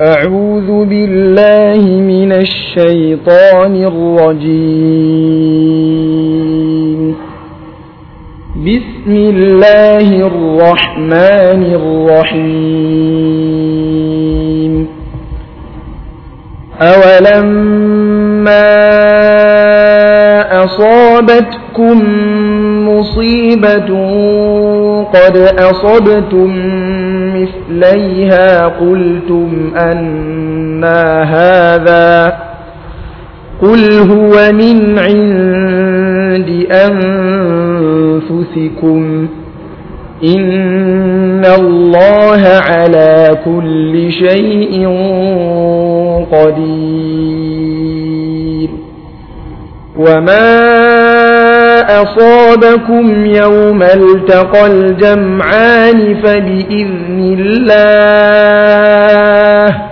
أعوذ بالله من الشيطان الرجيم بسم الله الرحمن الرحيم أولما أصابتكم مصيبة قد أصبتم مثليها قلتم أنا هذا قل هو من عند أنفسكم إن الله على كل شيء قدير وما أصابكم يوم التقى الجمعان فبإذن الله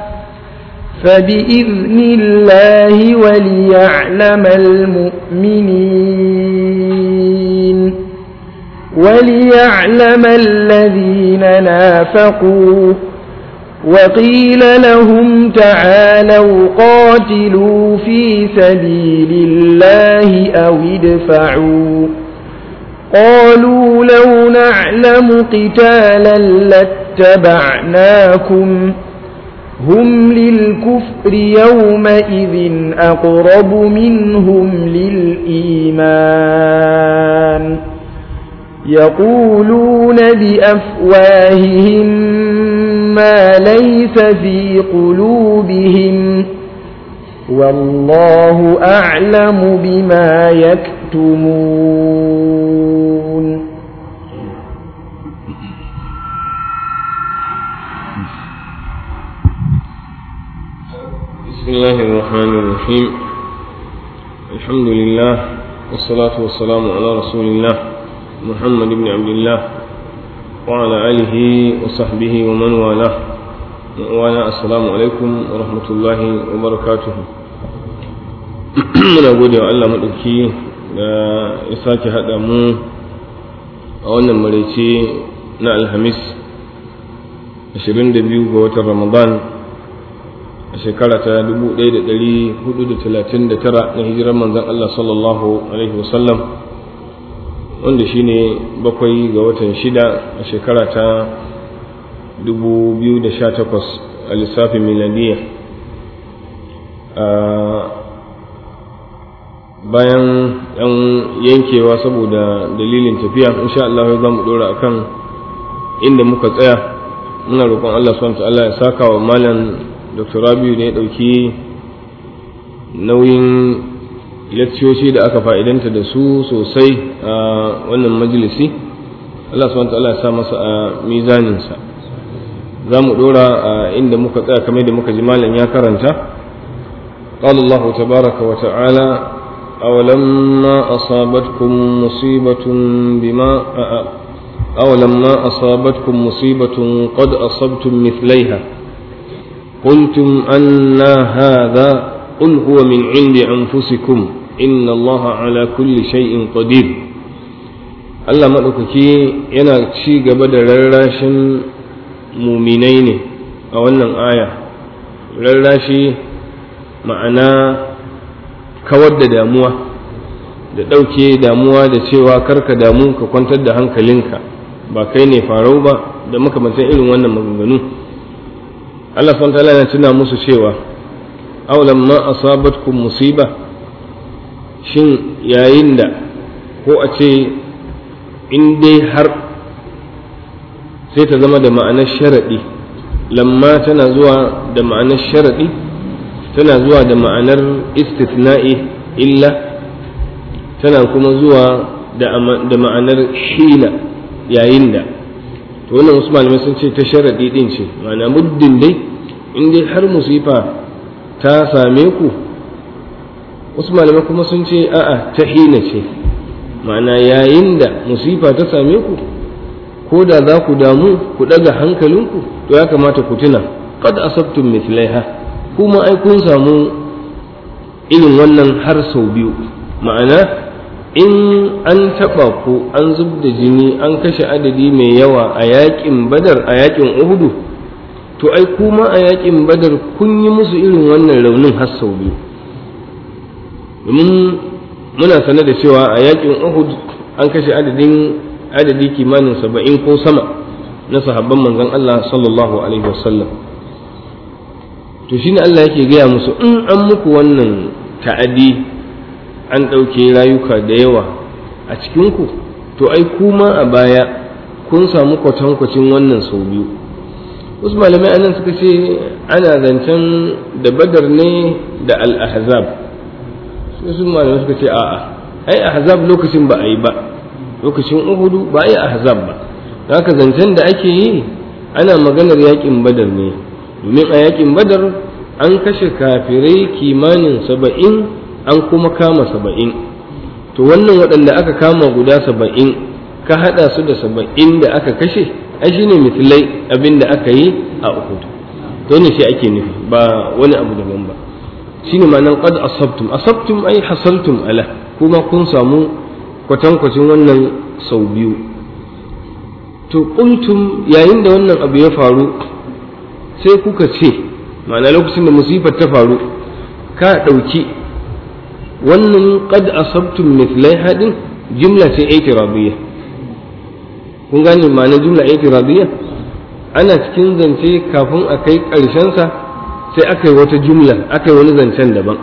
فبإذن الله وليعلم المؤمنين وليعلم الذين نافقوا وقيل لهم تعالوا قاتلوا في سبيل الله أو ادفعوا قالوا لو نعلم قتالا لاتبعناكم هم للكفر يومئذ أقرب منهم للإيمان يقولون بأفواههم ما ليس في قلوبهم والله أعلم بما يكتمون بسم الله الرحمن الرحيم الحمد لله والصلاة والسلام على رسول الله محمد بن عبد الله وعلى آله وصحبه ومن والاه وعلى السلام عليكم ورحمة الله وبركاته muna gode Allah maɗauki da ya sake haɗa mu a wannan maraice na alhamis 22 ga watan ramadan a shekara ta 1439 na hijirar manzan Allah sallallahu Alaihi wasallam wanda shi ne bakwai ga watan shida a shekara ta 2018 a lissafin miladiyya bayan ɗan yankewa saboda dalilin tafiya insha Allah za mu ɗora akan inda muka tsaya muna roƙon Allah subhanahu ta'ala ya saka wa malam Dr. Rabiu ne ya ɗauki nauyin laccoci da aka fa'idanta da su sosai a wannan majalisi Allah subhanahu ta'ala ya sa masa a mizaninsa za mu dora a inda muka tsaya kamar da muka ji malam ya karanta قال الله تبارك وتعالى أولما أصابتكم مصيبة بما أولما أصابتكم مصيبة قد أصبتم مثليها قلتم أنا هذا قل هو من عند أنفسكم إن الله ala kulli شيء قدير Allah madaukaki yana ci gaba da rarrashin muminai ne a wannan aya rarrashi ma'ana kawar da damuwa da ɗauke damuwa da cewa karka damu ka kwantar da hankalinka ba kai ne farau ba da makamantan irin wannan maganganu Allah subhanahu wa ta'ala yana tuna musu cewa aw lamma asabatkum musiba shin yayin da ko a ce in dai har sai ta zama da ma'anar sharaɗi lamma tana zuwa da ma'anar sharaɗi tana zuwa da ma'anar istitna'i illa tana kuma zuwa da ma'anar shina yayin da to wannan wasu malamai sun ce ta sharaɗi ɗin ce ma'ana muddin dai in dai har musifa ta same ku wasu malamai kuma sun ce a'a ta hina ce ma'ana yayin da musifa ta same ku ko da za ku damu ku daga hankalinku to ya kamata ku tuna qad asabtum mithlaiha kuma ai kun samu irin wannan har sau biyu ma'ana in an taɓa ku an zub da jini an kashe adadi mai yawa a yaƙin badar a yaƙin uhudu to ai kuma a yaƙin badar kun yi musu irin wannan raunin har sau biyu domin muna sanar da cewa a yakin uhud an kashe adadin adadi kimanin saba'in ko sama na sahabban manzon Allah sallallahu alaihi wasallam to shine Allah yake gaya musu in an muku wannan ta'adi an ɗauke rayuka da yawa a cikinku to ai kuma a baya kun samu kwatankwacin wannan sau biyu wasu malamai anan suka ce ana zancen da badar ne da al-ahzab sai sun malamai suka ce a'a ai ahzab lokacin ba a yi ba lokacin uhudu ba a yi ahzab ba haka zancen da ake yi ana maganar yakin badar ne domin a yakin badar an kashe kafirai kimanin saba'in an kuma kama saba'in to wannan waɗanda aka kama guda saba'in ka haɗa su da saba'in da aka kashe ai shine mitlai abin da aka yi a uhudu to ne shi ake nufi ba wani abu daban ba shine ma'anar qad asabtum asabtum ai hasaltum ala kuma kun samu kwatankwacin wannan sau biyu to kuntum yayin da wannan abu ya faru sai kuka ce ma'ana lokacin da musifar ta faru ka ɗauki wannan qad asabtum mithlai hadin jumla ce aitirabiyya kun gane ma'ana jumla aitirabiyya ana cikin zance kafin a kai ƙarshensa sai aka yi wata jumla aka yi wani zancen daban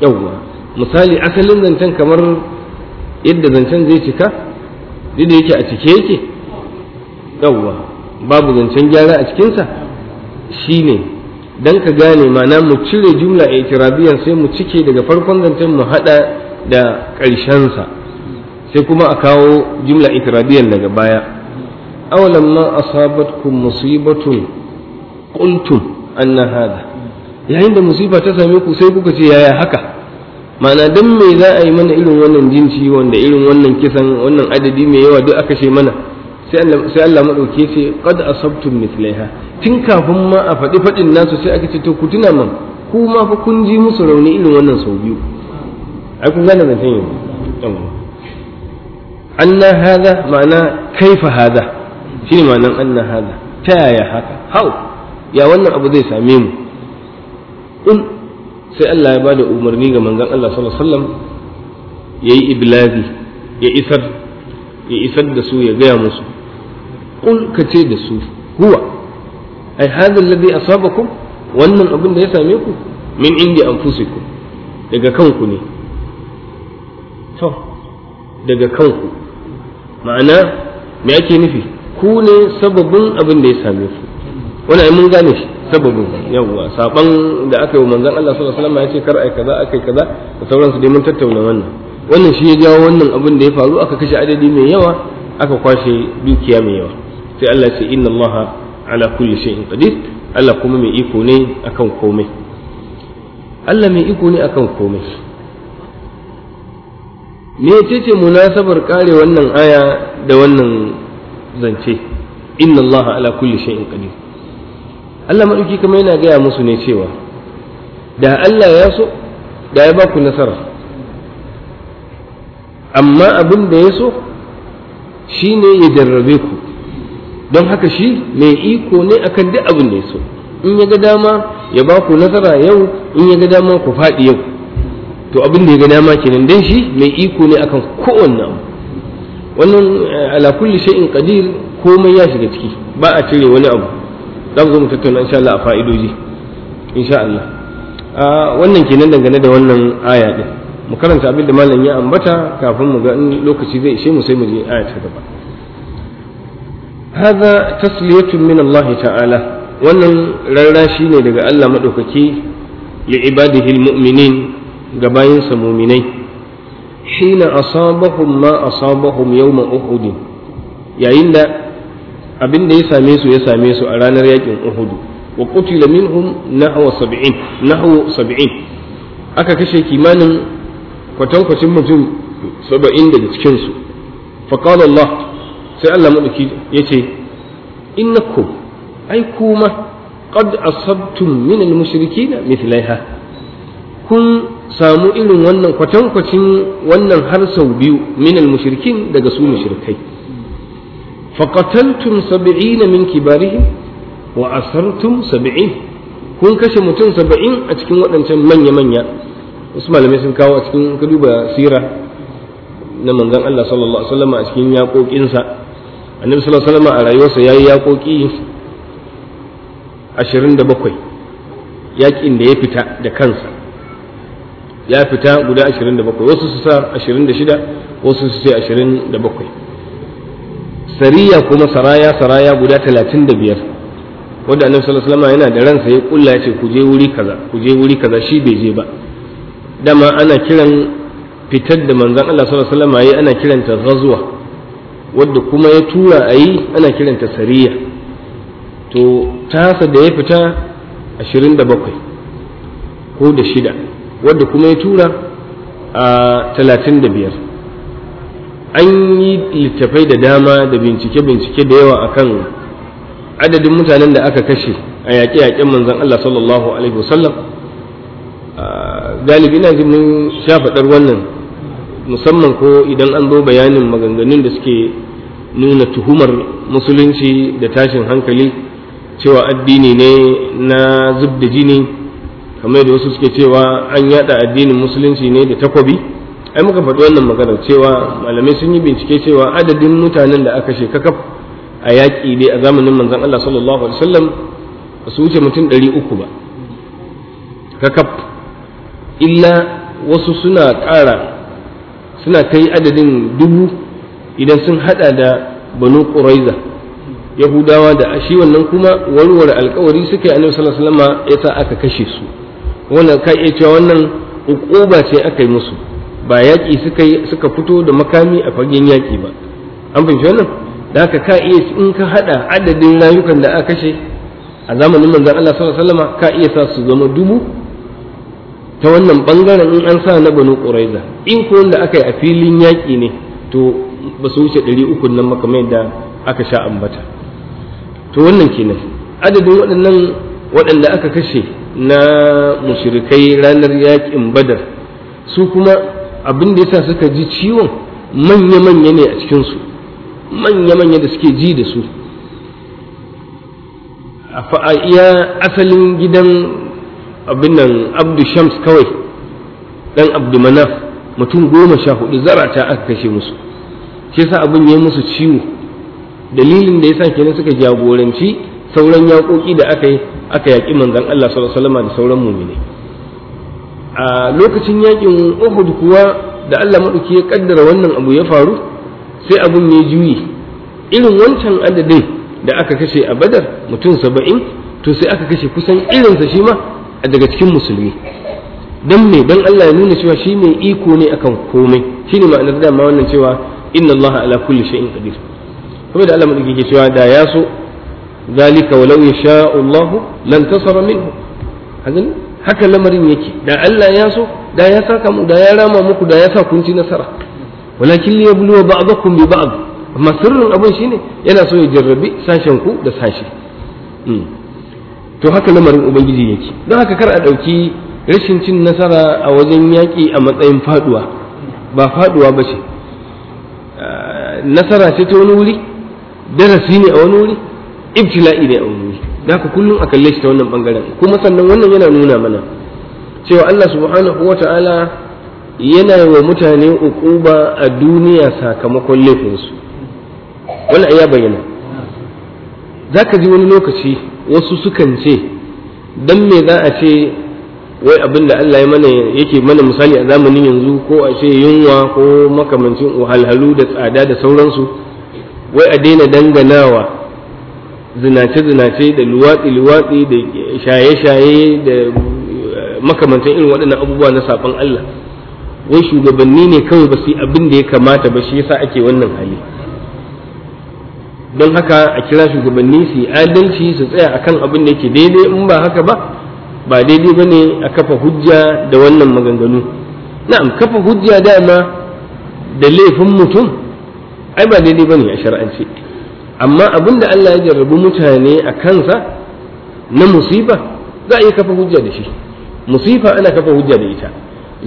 yauwa misali asalin zancen kamar yadda zancen zai cika da yake a cike yake yauwa babu zancen gyara a cikinsa Shi ne, don ka gane mana mu cire jumla a itirabiyan sai mu cike daga farkon zancen mu hada da ƙarshensa sai kuma a kawo jumla ikirabiyan daga baya awalan ma asabatkum musibatun qultum anna hada yayin da musifa ta same ku sai kuka ce yaya haka ma'ana dan me za a yi mana irin wannan jinci wanda irin wannan kisan wannan adadi mai yawa duk aka ce mana sai Allah maɗauke ce qad asabtum mithlaiha tun kafin ma a faɗi faɗin nasu sai aka ce to ku tuna man ku ma fa kun ji musu rauni irin wannan sau biyu ai kun gane zancen yanzu anna hada ma'ana kaifa hada ne ma'anan anna hada ta yaya haka hau ya wannan abu zai same mu in sai Allah ya ba da umarni ga manzon Allah sallallahu alaihi wasallam yayi iblazi ya isar ya isar da su ya gaya musu kul ka ce da su huwa ai hadha alladhi asabakum wannan abin da ya same ku min indi anfusikum daga kanku ne to daga kanku ma'ana me ake nufi ku ne sababin abin da ya same ku wani mun gane shi sababin yawwa saban da aka yi manzon Allah sallallahu alaihi wasallam ya ce kar ai kaza akai kaza da sauransu dai mun tattauna wannan wannan shi ya jawo wannan abin da ya faru aka kashe adadi mai yawa aka kwashe dukiya mai yawa sai Allah ya ce inna Allah ala kulli shay'in qadir Allah kuma mai iko ne akan komai Allah mai iko ne akan komai me ce munasabar kare wannan aya da wannan zance inna Allah ala kulli shay'in qadir Allah maɗauki kamar yana gaya musu ne cewa da Allah ya so da ya ba ku nasara amma abin da ya so shi ne ya jarrabe ku don haka shi mai iko ne akan duk abin da ya so in ya ga dama ya ba ku nasara yau in ya ga dama ku faɗi yau to abin da ya ga dama kenan dan shi mai iko ne akan kowanne abu wannan eh, ala kulli shay'in qadir komai ya shiga ciki ba a cire wani abu za mu zo mu tattauna insha Allah a fa'idoji insha Allah wannan kenan dangane da wannan aya din mu karanta abin da malam ya ambata kafin mu ga in lokaci zai ishe mu sai mu je aya ta gaba hadha tasliyatun min Allah ta'ala wannan shi ne daga Allah madaukaki li ibadihi almu'minin ga sa mu'minai hina asabahum ma asabahum yawma uhud yayin da abin da ya same su ya same su a ranar yakin uhudu wa qutila minhum nahwa 70 nahwa 70 aka kashe kimanin kwatankwacin mutum 70 daga cikin su fa qala Allah sai Allah madauki yace innakum ai kuma qad asabtum min al-mushrikeena mithlaiha kun samu irin wannan kwatankwacin wannan har sau biyu min al daga su mushrikai faqataltum sab'ina min kibarihim wa asartum sab'in kun kashe mutum saba'in a cikin waɗancan manya-manya wasu malamai sun kawo a cikin ka sira na manzon Allah sallallahu a cikin yaƙoƙinsa annabi sallallahu alaihi wasallam a rayuwarsa yayi yaƙoƙi 27 yaƙin da ya fita da kansa ya fita guda 27 wasu su sa 26 wasu su ce 27 sariya kuma saraya saraya guda talatin da biyar wadda annabi sallallahu alaihi wasallam yana da ransa ya kulla ya ce ku je wuri kaza ku je wuri kaza shi bai je ba dama ana kiran fitar da manzon Allah sallallahu alaihi wasallam yayi ana kiranta ghazwa wadda kuma ya tura a yi ana kiranta sariya to tasa da ya fita ashirin da bakwai ko da shida wadda kuma ya tura a talatin da biyar an yi littafai da dama da bincike-bincike da yawa akan adadin mutanen da aka kashe a yaƙe-yaƙen manzan Allah sallallahu alaihi wasallam galibi na jin mun sha wannan musamman ko idan an zo bayanin maganganun da suke nuna tuhumar musulunci da tashin hankali cewa addini ne na zub da jini kamar da wasu suke cewa an yada addinin musulunci ne da takobi ai muka faɗi wannan maganar cewa malamai sun yi bincike cewa adadin mutanen da aka kakaf a yaƙi dai a zamanin manzon Allah sallallahu alaihi wasallam ba su wuce mutum ɗari uku ba kakaf illa wasu suna ƙara suna kai adadin dubu idan sun haɗa da banu ƙuraiza yahudawa da shi wannan kuma warware alkawari suke a sallallahu alaihi wasallam ya sa aka kashe su wannan ka iya cewa wannan uquba ce aka yi musu ba yaƙi suka fito da makami a fagen yaƙi ba an fahimci wannan da haka ka iya in ka hada adadin rayukan da aka kashe a zamanin manzon Allah sallallahu alaihi wasallam ka iya sa su zama dubu ta wannan bangaren in an sa na banu quraiza in ko wanda aka yi a filin yaƙi ne to ba su wuce ɗari uku nan maka da aka sha ambata to wannan kenan adadin waɗannan waɗanda aka kashe na mushrikai ranar yaƙin badar su kuma abin da yasa suka ji ciwon manya-manya ne a cikinsu manya-manya da suke ji da su a iya asalin gidan abin nan abdu shams kawai ɗan abdu manaf mutum goma sha hudu zarata aka kashe musu shi sa abin ya yi musu ciwo dalilin da yasa kenan suka jagoranci sauran yaƙoƙi da aka yi aka yaƙi manzon Allah sallallahu alaihi wasallam da sauran mu'mini a lokacin yakin uhud kuwa da allah maɗauki ya kaddara wannan abu ya faru sai abun ya juyi irin wancan adadin da aka kashe a badar mutum saba'in to sai aka kashe kusan irinsa shi ma daga cikin musulmi dan me dan allah ya nuna cewa shi ne iko ne akan komai ne ma'anar dama wannan cewa inna Allah ala kulli shay'in qadir kuma da allah maɗauki ke cewa da ya so walau yasha Allah lan tasara minhu هذا haka lamarin yake da Allah ya so da ya saka mu da ya rama muku da ya sa kun ci nasara walakin li yabluwa ba'dakum bi ba'd amma sirrin abin shine yana so ya jarrabi sashen ku da sashi hmm. to haka lamarin ubangiji yake don haka kar a dauki rashin cin nasara a wajen yaƙi a matsayin faduwa ba faduwa ba ce ah, nasara ce ta wani wuri darasi ne a wani wuri ibtila'i ne a wani wuri da ka kullum a kalle shi ta wannan bangaren kuma sannan wannan yana nuna mana cewa Allah subhanahu wa ta'ala yana wa mutane ukuba a duniya sakamakon laifinsu wannan ya bayyana za ka ji wani lokaci wasu sukan ce dan me za a ce wai abin da Allah yake mana misali a zamanin yanzu ko a ce yunwa ko makamancin wahalhalu da tsada da sauransu wai a daina danganawa zinace-zinace da luwaɗi-luwaɗi da shaye-shaye da eh, makamantan irin waɗannan abubuwa na saɓon Allah wai shugabanni ne kawai ba su yi abin da ya kamata ba shi yasa ake wannan hali don haka a kira shugabanni su yi adalci su tsaya akan abin da yake daidai in ba haka ba ba daidai ba ne a kafa hujja da wannan maganganu na'am kafa hujja dama da laifin mutum ai ba daidai ba ne a shar'ance amma abin da Allah ya jarrabu mutane a kansa na musifa za a iya kafa hujja da shi musifa ana kafa hujja da ita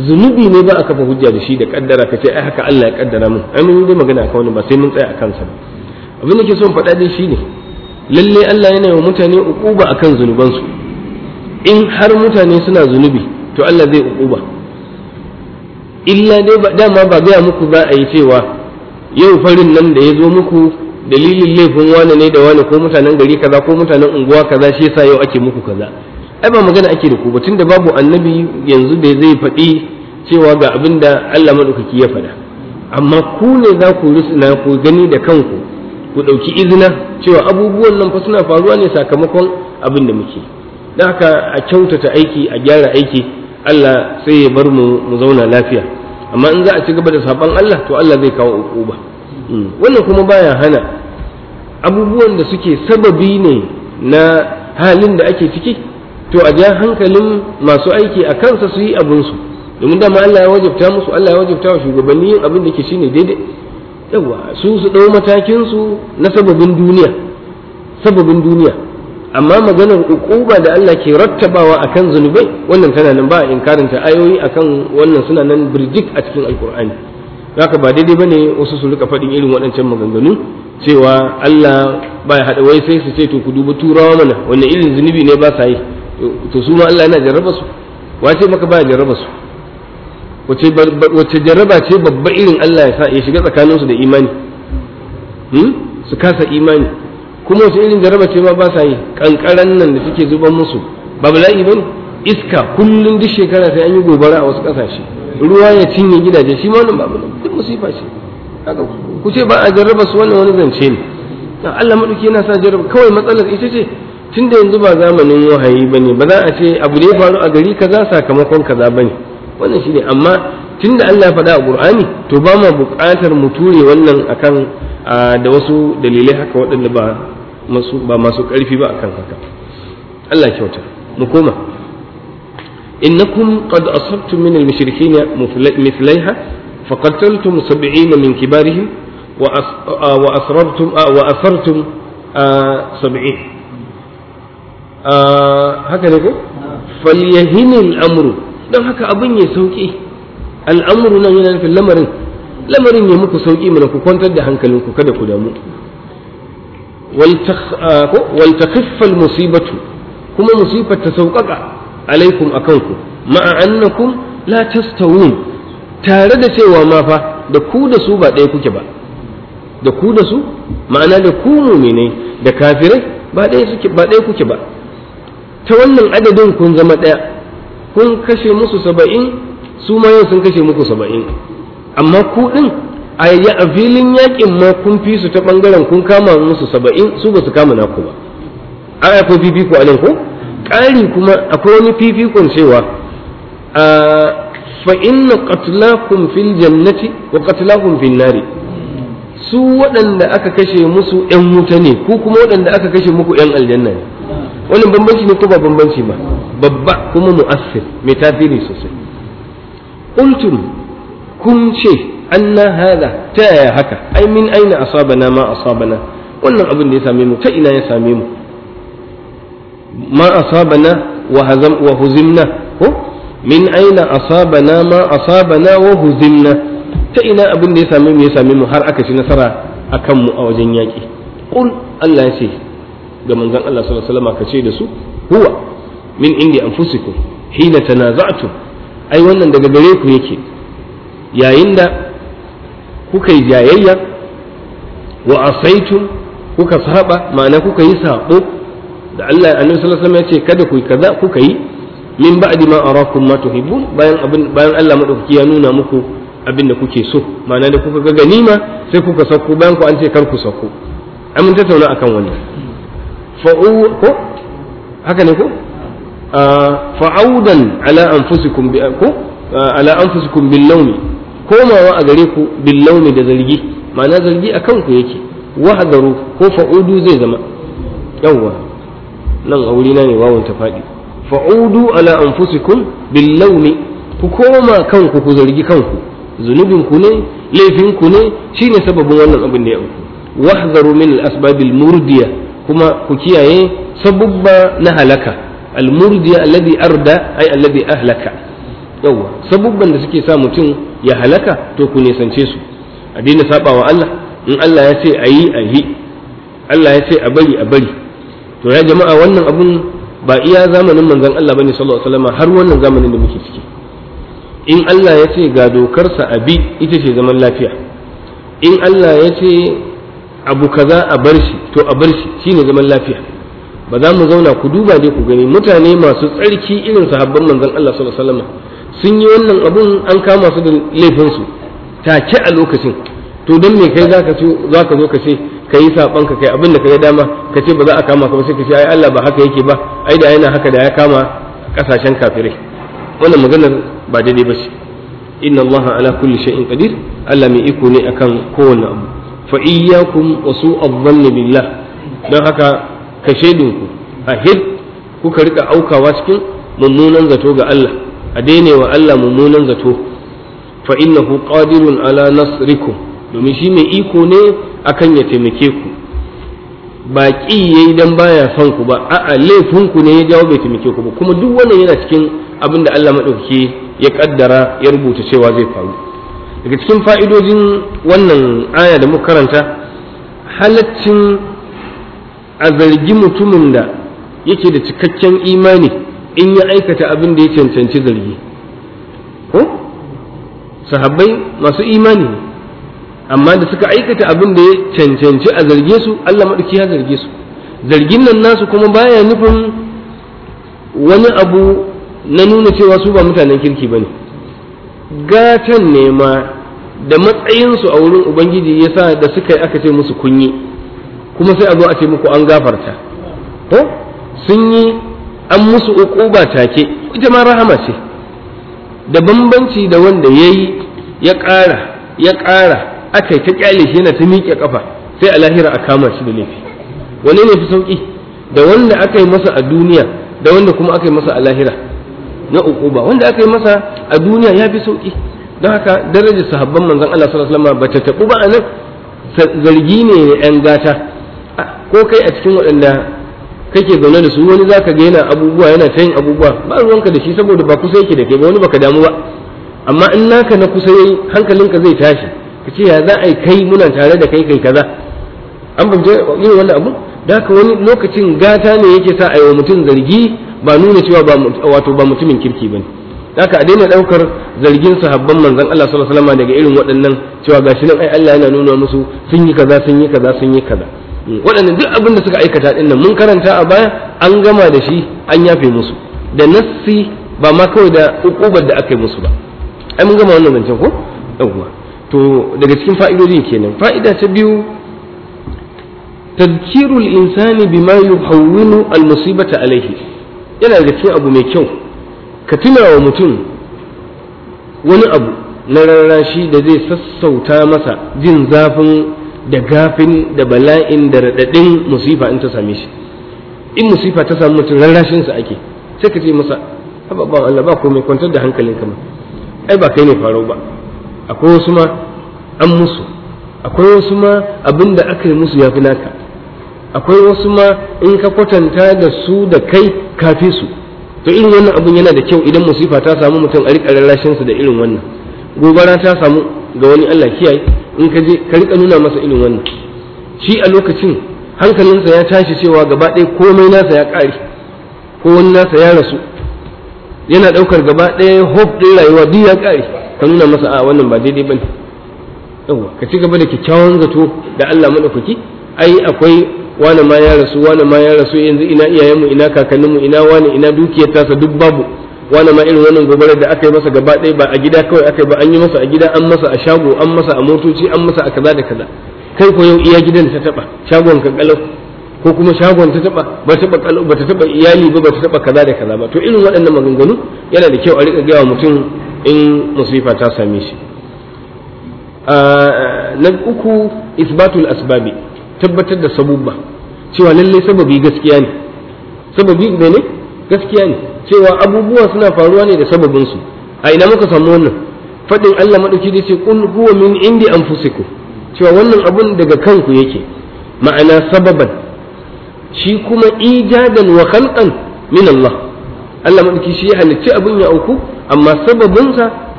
zunubi ne ba a kafa hujja da shi da kaddara ka ce ai haka Allah ya kaddara mun ai mun dai magana akan wani ba sai mun tsaya a kansa ba abin da ke son faɗa dai shine lalle Allah yana yi mutane uquba akan zunubansu in har mutane suna zunubi to Allah zai uquba illa dai ba dama ba ga muku za a yi cewa yau farin nan da ya zo muku dalilin laifin wani ne da wani ko mutanen gari kaza ko mutanen unguwa kaza shi yasa yau ake muku kaza ai ba magana ake da ku ba tunda babu annabi yanzu da zai faɗi cewa ga abin da Allah madaukaki ya faɗa amma ku ne za ku rusuna ku gani da kanku ku ɗauki izina cewa abubuwan nan fa suna faruwa ne sakamakon abin da muke don haka a kyautata aiki a gyara aiki Allah sai ya bar mu mu zauna lafiya amma in za a ci gaba da saban Allah to Allah zai kawo uku ba wannan kuma baya hana abubuwan da suke sababi ne na halin da ake ciki to a ja hankalin masu aiki a kansa su yi abinsu domin dama Allah ya wajabta musu Allah ya wajabta wa shugabanni yin abin da ke shine daidai yawa su su ɗau matakin su na sababin duniya sababin duniya amma maganar ukuba da Allah ke rattabawa akan zunubai wannan tana nan ba inkarin ta ayoyi akan wannan suna nan birjik a cikin alkur'ani haka ba daidai bane wasu su rika faɗin irin waɗancan maganganu cewa Allah ya haɗa wai sai su ce to ku duba turawa mana wannan irin zunubi ne ba sa yi to su ma Allah yana jarraba su wace maka baya jarraba su wace jarraba ce babba irin Allah ya sa ya shiga tsakanin su da imani hmm? su kasa imani kuma wace irin jarraba ce ma ba sa yi kankaran nan da suke zuban musu ba bala'i bane iska kullum duk shekara sai an yi gobara a wasu ƙasashe ruwa ya cinye gidaje shi ma wannan babu duk musifa ce haka ku ce ba a jarraba su wannan wani zance ne Allah maduki yana sa jarraba kawai matsalar ita ce tun yanzu ba zamanin wahayi bane ne ba za a ce abu da faru a gari kaza sakamakon kaza ba ne wannan shi amma tun da Allah ya faɗa a ƙur'ani to ba ma buƙatar mu ture wannan akan da wasu dalilai haka waɗanda ba masu ƙarfi ba akan haka Allah kyauta mu koma إنكم قد أصبتم من المشركين مثليها فقتلتم سبعين من كبارهم آه، وأسررتم آه، وأسرتم آه، سبعين هكذا يقول فليهن الأمر لو هكا أبن يسوكي الأمر نعينا في اللمر الأمر يمك سوكي من أكو دي هنك هنكلمك كده كدامو والتخ... والتخف المصيبة كما مصيبة تسوكك alaikum a kanku annakum la tastawun tare da cewa ma fa da ku da su ba ɗaya kuke ba da ku da su ma'ana da ku muminai da kafirai ba ɗaya kuke ba ta wannan adadin kun zama ɗaya kun kashe musu saba'in su ma yau sun kashe muku saba'in amma ku ɗin a a filin yaƙin ma kun fi su ta ɓangaren kun kama musu saba'in su ba su kama naku ba a ko bibi ku a nan ko ƙari kuma akwai wani fifikon cewa fa inna qatlakum fil jannati wa qatlakum fil nari su waɗanda aka kashe musu yan wuta ne ko kuma waɗanda aka kashe muku ƴan aljanna ne wannan bambanci ne ko ba bambanci ba babba kuma mu'assir mai tasiri sosai qultum kun ce anna hada ta yaya haka ai min aina asabana ma asabana wannan abin da ya same mu ta ina ya same mu ma asabana wa hazam wa huzimna ko min aina asabana ma asabana wa huzimna ta ina abin da ya same mu ya sami mu har aka ci nasara akan mu a wajen yaki. qul Allah ya ce ga manzon Allah sallallahu alaihi ce da su huwa min indi anfusikum hina tanaza'tum ai wannan daga gare ku yake yayin da kuka yi jayayya wa asaitum kuka saba ma'ana kuka yi saɓo. da Allah annabi sallallahu alaihi wasallam ya ce kada ku yi kaza kuka yi min ba'di ma arakum ma tuhibbun bayan abin bayan Allah madaukaki ya nuna muku abin da kuke so ma'ana da kuka ga ganima sai kuka sako bayan ku an ce kar ku sako an mun tattauna akan wannan fa'u ko haka ne ko ah, fa'audan ala anfusikum bi ko ah, ala anfusikum bil lawmi komawa a gare ku bil lawmi da zargi ma'ana zargi akan ku yake wahadaru ko fa'udu zai zama yawwa nan a wurina ne wawon ta faɗi fa'udu ala anfusikum bil launi ku koma kanku ku zargi kanku zunubin ku ne laifin ku ne shine sababin wannan abin da ya auku wahzaru min al murdiya kuma ku kiyaye sabubba na halaka al murdiya alladhi arda ai alladhi ahlaka yawa sababban da suke sa mutum ya halaka to ku nisance su a daina sabawa Allah in Allah ya ce ayi ayi Allah ya ce a bari a bari to ya jama'a wannan abun ba iya zamanin manzon Allah bane sallallahu alaihi wasallam har wannan zamanin da muke ciki in Allah ya ce ga dokarsa a bi ita ce zaman lafiya in Allah ya ce abu kaza a bar shi to a bar shi shine zaman lafiya ba za mu zauna ku duba dai ku gani mutane masu tsarki irin sahabban manzon Allah sallallahu alaihi wasallam sun yi wannan abun an kama su da laifin su take a lokacin to don me kai zaka zo ka ce ka yi saban ka kai abin da ka ga dama ka ce ba za a kama ka ba sai ka ce ai Allah ba haka yake ba ai da yana haka da ya kama kasashen kafirai wannan maganar ba daidai ba ce inna Allah ala kulli shay'in qadir Allah mai iko ne akan kowanne abu fa iyyakum wa su'adh-dhanni billah dan haka ka shedinku ahid kuka rika aukawa cikin mummunan zato ga Allah a dainewa Allah mummunan zato fa innahu qadirun ala nasrikum domin shi mai iko ne akan ya taimake ku ba ya yayi dan baya son ku ba a'a laifinku ne ya jawo bai taimake ku ba kuma duk wannan yana cikin abin da Allah madaukake ya kaddara ya rubuta cewa zai faru daga cikin fa'idojin wannan aya da muka karanta halaccin a zargi mutumin da yake da cikakken imani in ya aikata abin da ya cancanci zargi ko sahabbai masu imani amma da suka aikata abin da ya cancanci a zarge su Allah maɗauki ya zarge su zargin nan nasu kuma baya nufin wani abu na nuna cewa su ba mutanen kirki ba ne gatan ne ma da matsayinsu a wurin ubangiji ya sa da suka yi aka ce musu kunyi kuma sai a zo a ce muku an gafarta ko sun yi an musu uku ba take ita ma rahama ce da bambanci da wanda ya yi ya ƙara ya ƙara aka yi ta kyale shi yana ta miƙe kafa sai a lahira a kama shi da laifi wani ne fi sauki da wanda aka yi masa a duniya da wanda kuma aka yi masa a lahira na uku ba, wanda aka yi masa a duniya ya fi sauki don haka darajar sahabban manzon Allah sallallahu alaihi wasallam ba ta tabu ba anan zargi ne yan gata ko kai a cikin waɗanda kake zaune da su wani zaka ga yana abubuwa yana ta yin abubuwa ba ruwanka da shi saboda ba kusa yake da kai ba wani baka damu ba amma in naka na kusa yayi hankalinka zai tashi ka ce ya za a kai muna tare da kai kai kaza an bamje irin wani abu da haka wani lokacin gata ne yake sa a yi wa mutum zargi ba nuna cewa wato ba mutumin kirki ba ne. Da haka a daina daukar zargin sahabban manzan Allah sallallahu alaihi wasallam daga irin waɗannan cewa gashi nan ai Allah yana nuna musu sun yi kaza sun yi kaza sun yi kaza mm, waɗannan duk abin da suka aikata din nan mun karanta a baya an gama da shi an yafe musu da nassi ba ma kawai da ukubar da aka yi musu ba ai mun gama wannan zancen ko yawwa to daga cikin fa'idodin kenan fa'ida ta biyu tadkirul insani bima yuhawwinu almusibata alaihi yana da cikin abu mai kyau ka tuna wa mutum wani abu na rarrashi da zai sassauta masa jin zafin da gafin da bala'in da raɗaɗin musifa in ta same shi in musifa ta samu mutum rarrashinsa ake sai ka ce masa haba Allah ba komai kwantar da hankalin kama ai ba kai ne faro ba akwai wasu ma an musu akwai wasu ma abin da aka yi musu ya fi naka akwai wasu ma in ka kwatanta da su da kai kafi su to irin wannan abin yana da kyau idan musifa ta samu mutum a riƙa rarrashin su da irin wannan gobara ta samu ga wani Allah kiyaye in ka je ka riƙa nuna masa irin wannan shi a lokacin hankalinsa ya tashi cewa gaba ɗaya komai nasa ya ƙare ko wani nasa ya rasu yana ɗaukar gaba ɗaya hope ɗin rayuwa duk ya ƙare ka nuna masa a wannan ba daidai bane yawa ka ci gaba da kyakkyawan zato da Allah madaukaki ai akwai wani ma ya rasu wani ma ya rasu yanzu ina iyayenmu ina kakanninmu ina wani ina dukiyar tasa duk babu wani ma irin wannan gobarar da aka yi masa gaba ɗaya ba a gida kawai aka yi ba an yi masa a gida an masa a shago an masa a motoci an masa a kaza da kaza kai ko yau iya gidan ta taba shagon ka kalau ko kuma shagon ta taba ba ta taba kalau ba ta taba iyali ba ba ta taba kaza da kaza ba to irin waɗannan maganganu yana da kyau a riƙa gaya mutum in musifa ta same shi ah, na uku isbatul asbabi tabbatar da sabubba cewa lallai sababi gaskiya ne sababi ne ne gaskiya ne cewa abubuwa suna faruwa ne da sababinsu a ina muka samu wannan faɗin Allah maɗauki da ce kun huwa min indi anfusikum cewa wannan abun daga kanku yake ma'ana sababan shi kuma ijadan wa khalqan min Allah Allah madauki shi ya halicci abin ya auku amma sa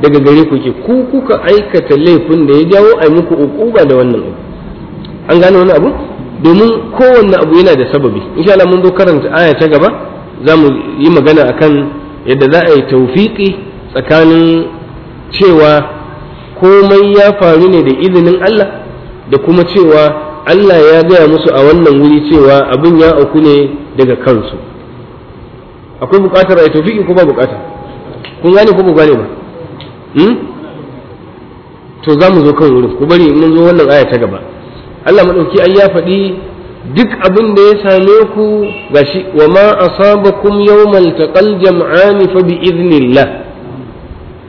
daga gare ku ke ku kuka aikata laifin da ya jawo ai muku ukuba da wannan abu an gane wani abu domin kowanne abu yana da sababi insha Allah mun zo karanta aya ta gaba za mu yi magana akan yadda za a yi tawfiqi tsakanin cewa komai ya faru ne da izinin Allah da kuma cewa Allah ya gaya musu a wannan wuri cewa abin ya auku ne daga kansu akwai buƙatar ai tawfiki ko ba buƙata kun gane ko ba gane ba hmm? to za mu zo kan wurin ku bari mun zo wannan aya ta gaba Allah madauki ai ya faɗi duk abin da ya same ku gashi wa ma asabakum yawmal taqal jam'ani fa bi idnillah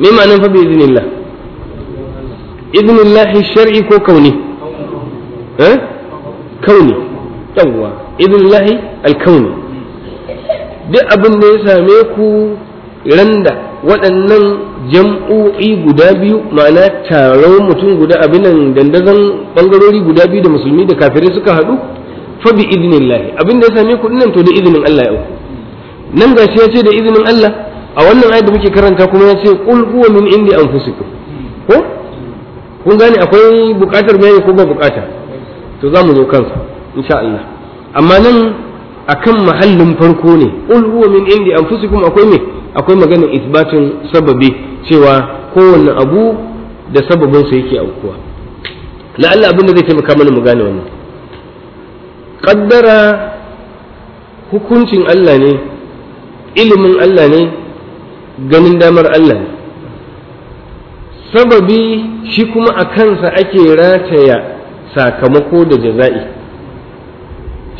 me ma'anar fa bi idnillah idnillah shar'i ko kauni eh kauni yawwa idnillah al-kauni duk abin da ya same ku randa waɗannan jam'o'i guda biyu ma'ana taron mutum guda abin nan dandazon ɓangarori guda biyu da musulmi da kafirai suka haɗu fa bi lahi abin da ya same ku na, to da izinin Allah ya uku nan shi ya ce da izinin Allah a wannan ayat da muke karanta kuma ya ce qul huwa min indi anfusikum ko kun gane akwai buƙatar mai ko ba buƙata to za mu zo kansa insha Allah amma nan akan mahallin farko ne qul huwa min indi anfusikum akwai me akwai maganar isbatin sababi cewa kowanne abu da sababin sa yake aukuwa la'alla abin da zai taimaka mana mu gane wannan qaddara hukuncin Allah ne ilimin Allah ne ganin damar Allah ne sababi shi kuma a kansa ake rataya sakamako da jaza'i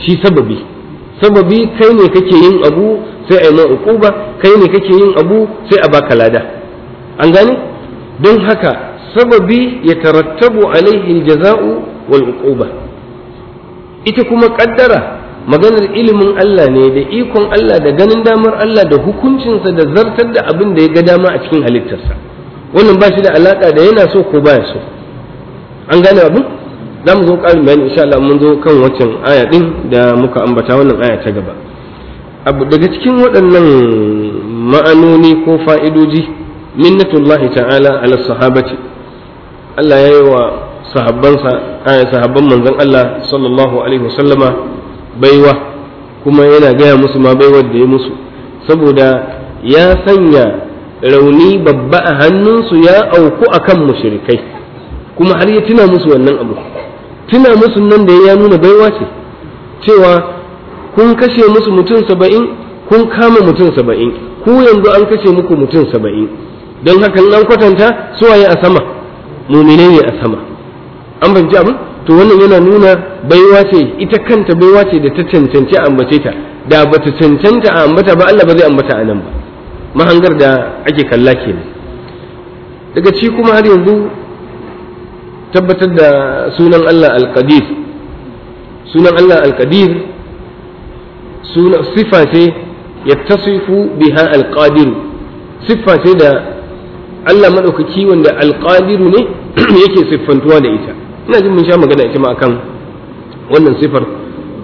shi sababi sababi kai ne kake yin abu sai a yi mai kai ne kake yin abu sai a baka lada an gane don haka sababi ya tarattabu alaihi jaza'u wal uquba ita kuma kaddara maganar ilimin Allah ne da ikon Allah da ganin damar Allah da hukuncinsa da zartar da abin da ya ga dama a cikin halittarsa wannan ba shi da alaka da yana so ko baya so an gane abin za mu zo ƙarin bayani insha Allah mun zo kan waccan aya din da muka ambata wannan aya ta gaba abu daga cikin waɗannan ma'anoni ko fa'idoji minnatullahi ta'ala ala sahabati Allah ya yi wa sahabbansa aya sahabban manzon Allah sallallahu alaihi wasallama baiwa kuma yana gaya musu ma baiwar da ya musu saboda ya sanya rauni babba a hannunsu ya auku akan mushrikai kuma har ya tuna musu wannan abu tuna musu nan da ya nuna baiwa ce cewa kun kashe musu mutum saba'in kun kama mutum saba'in ku yanzu an kashe muku mutum saba'in don haka an kwatanta suwaye a sama mumine ne a sama an banci abin to wannan yana nuna baiwa ce ita kanta baiwa ce da ta cancanci a ambace ta da ba ta cancanta a ambata ba Allah ba zai ambata a nan ba mahangar da ake kalla kenan daga ci kuma har yanzu tabbatar da sunan Allah al-qadir sunan Allah al-qadir sifa ce tasifu biha al-qadir sifa ce da Allah madaukaki wanda al-qadir ne yake siffantuwa da ita ina jin mun sha magana ita ma akan wannan sifar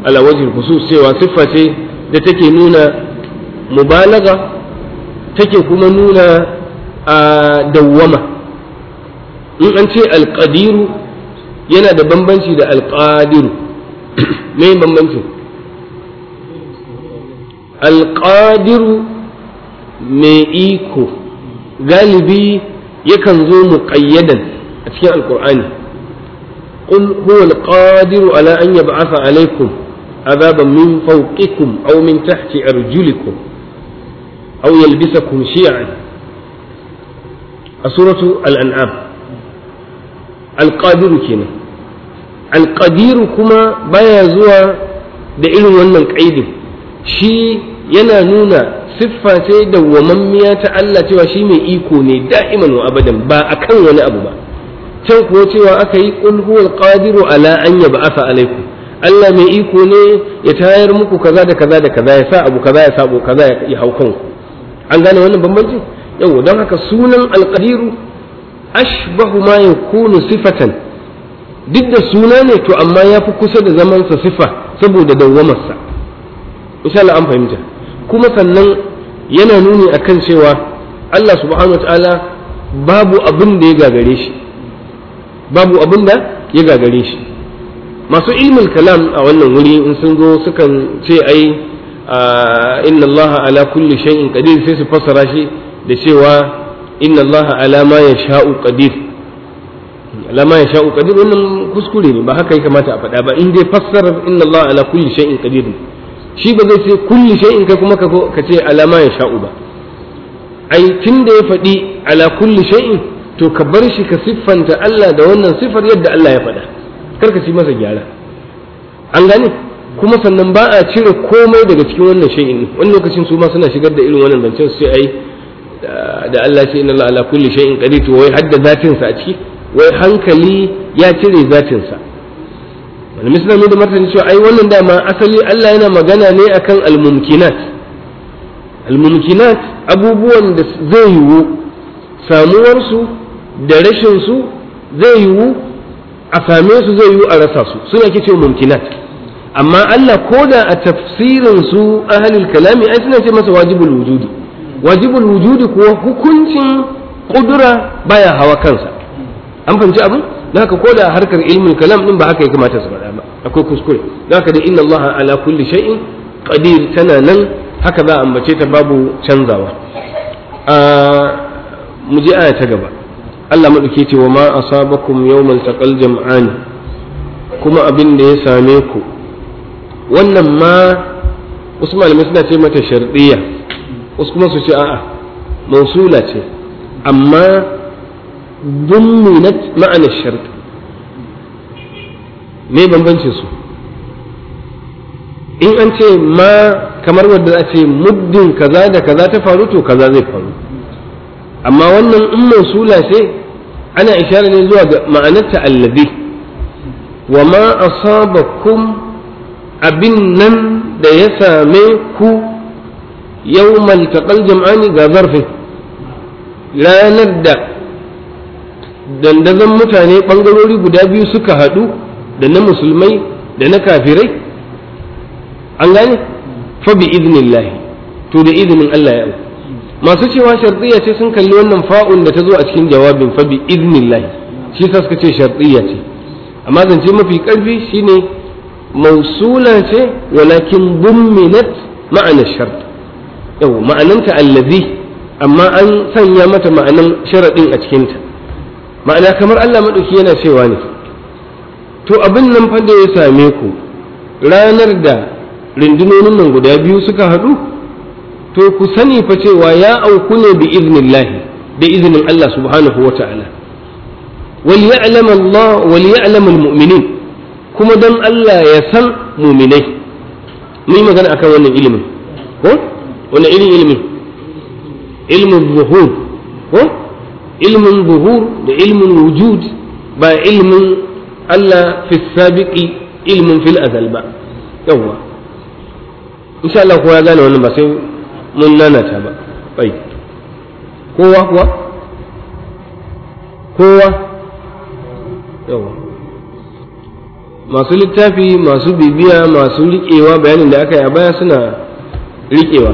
ala wajhi khusus cewa siffa ce da take nuna mubalaga take kuma nuna a ah, dawwama in an ce alƙadiru yana da bambanci da alƙadiru mai bambanci alƙadiru mai iko galibi yakan zo muƙayyadan a cikin alƙur'ani قل هو القادر على أن يبعث عليكم عذابا من فوقكم أو من تحت أرجلكم أو يلبسكم شيعا سورة الأنعام alƙadiru kenan alƙadiru kuma baya zuwa da irin wannan ƙaidin shi yana nuna siffa ce dawwamammiya ta Allah cewa shi mai iko ne da'iman wa abadan ba akan wani abu ba can kuwa cewa aka yi ƙulhu Alƙadiru? qadiru ala an yab'atha alaiku. Allah mai iko ne ya tayar muku kaza da kaza da kaza ya sa abu kaza ya sa kaza ya hau kanku an gane wannan bambancin yau don haka sunan Alƙadiru. ashbahu ma yakunu sifatan duk da suna ne to amma ya fi kusa da zamansa sifa saboda dawwamarsa insha Allah an fahimta kuma sannan yana nuni akan cewa Allah subhanahu wataala babu abin da ya gagare shi babu abin da ya gagare shi masu ilmin kalam a wannan wuri in sun zo sukan ce ai ah, inna Allah ala kulli shay'in qadir sai su fassara shi da cewa inna Allah ala ma yasha'u qadir ala ma yasha'u qadir wannan kuskure ne ba haka ya kamata a faɗa ba in dai fassarar inna Allah ala kulli shay'in qadir shi ba zai ce kulli shay'in kai kuma ka ce ala ma yasha'u ba ai tun da ya faɗi ala kulli shay'in to ka bar shi ka siffanta Allah da wannan siffar yadda Allah ya faɗa kar ka ci masa gyara an gane kuma sannan ba a cire komai daga cikin wannan shay'in wani lokacin su ma suna shigar da irin wannan zancen su sai ai da Allah ce inna ala kulli shay'in qadir to wai hadda zatin sa a ciki wai hankali ya cire zatin sa malamin suna da martani cewa ai wannan dama asali Allah yana magana ne akan almumkinat almumkinat abubuwan da zai yiwu samuwar su da rashin su zai yiwu a same su zai yiwu a rasa su suna ke cewa mumkinat amma Allah koda a tafsirin su ahlul kalami ai suna ce masa wajibul wujudi wajibul wujudi kuwa hukuncin kudura baya hawa kansa an fahimci abin da haka ko da harkar ilmin kalam din ba haka ya kamata su faɗa ba akwai kuskure da haka da inna allaha ala kulli shay'in qadir tana nan haka za a ambace ta babu canzawa mu je aya ta gaba Allah maɗauki ce wa ma asabakum yawmal taqal jam'an kuma abin da ya same ku wannan ma wasu malamai suna ce mata sharɗiyya wasu kuma su ce a'a mausula ce amma dumminat ma'anar shart me bambancin su in an ce ma kamar wadda a ce muddin kaza da kaza ta faru to kaza zai faru amma wannan in mausula ce ana ishara ne zuwa ga ma'anarta allabi wa ma asabakum abin nan da ya same ku يوم التقى الجمعان ga zarfin ranar da dandazon mutane ɓangarori guda biyu suka haɗu da na musulmai da na kafirai an gane fa bi Lahi, to da izinin Allah ya masu cewa shartiyya ce sun kalli wannan fa'un da ta zo a cikin jawabin fa bi Lahi, shi sa suka ce shartiyya ce amma zance mafi ƙarfi shine mausula ce walakin bumminat ma'anar shart yau ma'ananta allazi amma an sanya mata ma'anan sharaɗin a cikinta ma'ana kamar Allah maɗauki yana cewa ne to abin nan fa da ya same ku ranar da rundunonin nan guda biyu suka haɗu to ku sani fa cewa ya auku ne bi iznillahi da izinin Allah subhanahu wa ta'ala wal ya'lam mu'minin kuma don Allah ya san mu'minai mun magana akan wannan ilimin ko wani irin ilmi ilmin zuhur ko ilmin zuhur da ilmin wujud ba ilmin Allah fi sabiqi ilmin fil azal ba yawwa insha Allah kowa gane wannan ba sai mun nanata ba bai kowa kuwa kowa yawwa masu littafi masu bibiya masu riƙewa bayanin da aka yi a baya suna riƙewa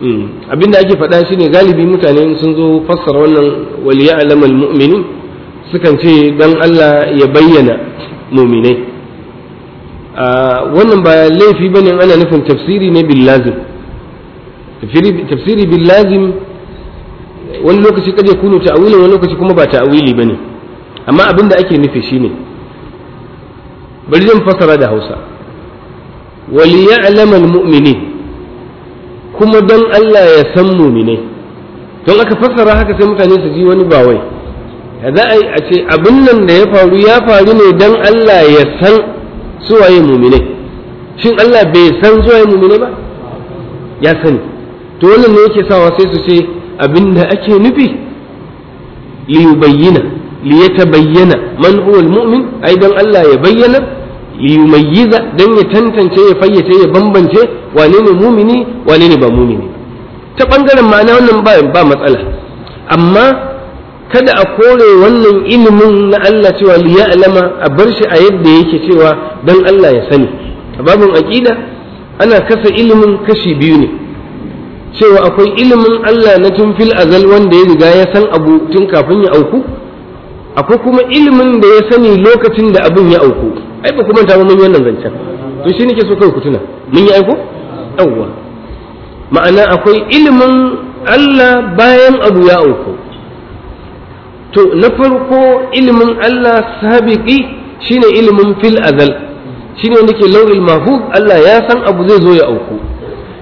Mm. abinda ake faɗa shine galibi mutane sun zo fassara wannan waliya alamal mu'mini sukan ce dan Allah ya bayyana muminai wannan ba laifi ba ne ana nufin tafsiri ne bil lazim tafsiri bil lazim wani lokaci kaje kunu ta'wili wani lokaci kuma ba ta'wili ne amma abinda ake nufi shine bari zan fassara da Hausa waliya alamal mu'minin kuma don Allah ya san muminai don aka fassara haka sai mutane su ji wani bawai. wai za a yi a ce abin nan da ya faru ya faru ne don Allah ya san suwaye mumine. shin Allah bai san suwaye mumine ba ya sani to wannan ne yake sawa sai su ce abin da ake nufi liyubayyina bayyana man huwa almu'min ai don Allah ya bayyana liyumayyiza dan ya tantance ya fayyace ya bambance wane ne mumini wane ne ba mumini ta bangaren ma'ana wannan ba ba matsala amma kada a kore wannan ilimin na Allah cewa alama, a bar shi a yadda yake cewa dan Allah ya sani a babin aƙida, ana kasa ilimin kashi biyu ne cewa akwai ilimin Allah na tun fil azal wanda ya riga ya san abu tun kafin ya auku akwai kuma ilimin da ya sani lokacin da abin ya auku ai ba kuma ta mun yi wannan zancen to shi nake so kai ku tuna mun yi aiko yawwa ma'ana akwai ilimin Allah bayan abu ya auku to na farko ilimin Allah sabiqi shine ilimin fil azal shine wanda ke mahfuz Allah ya san abu zai zo ya auku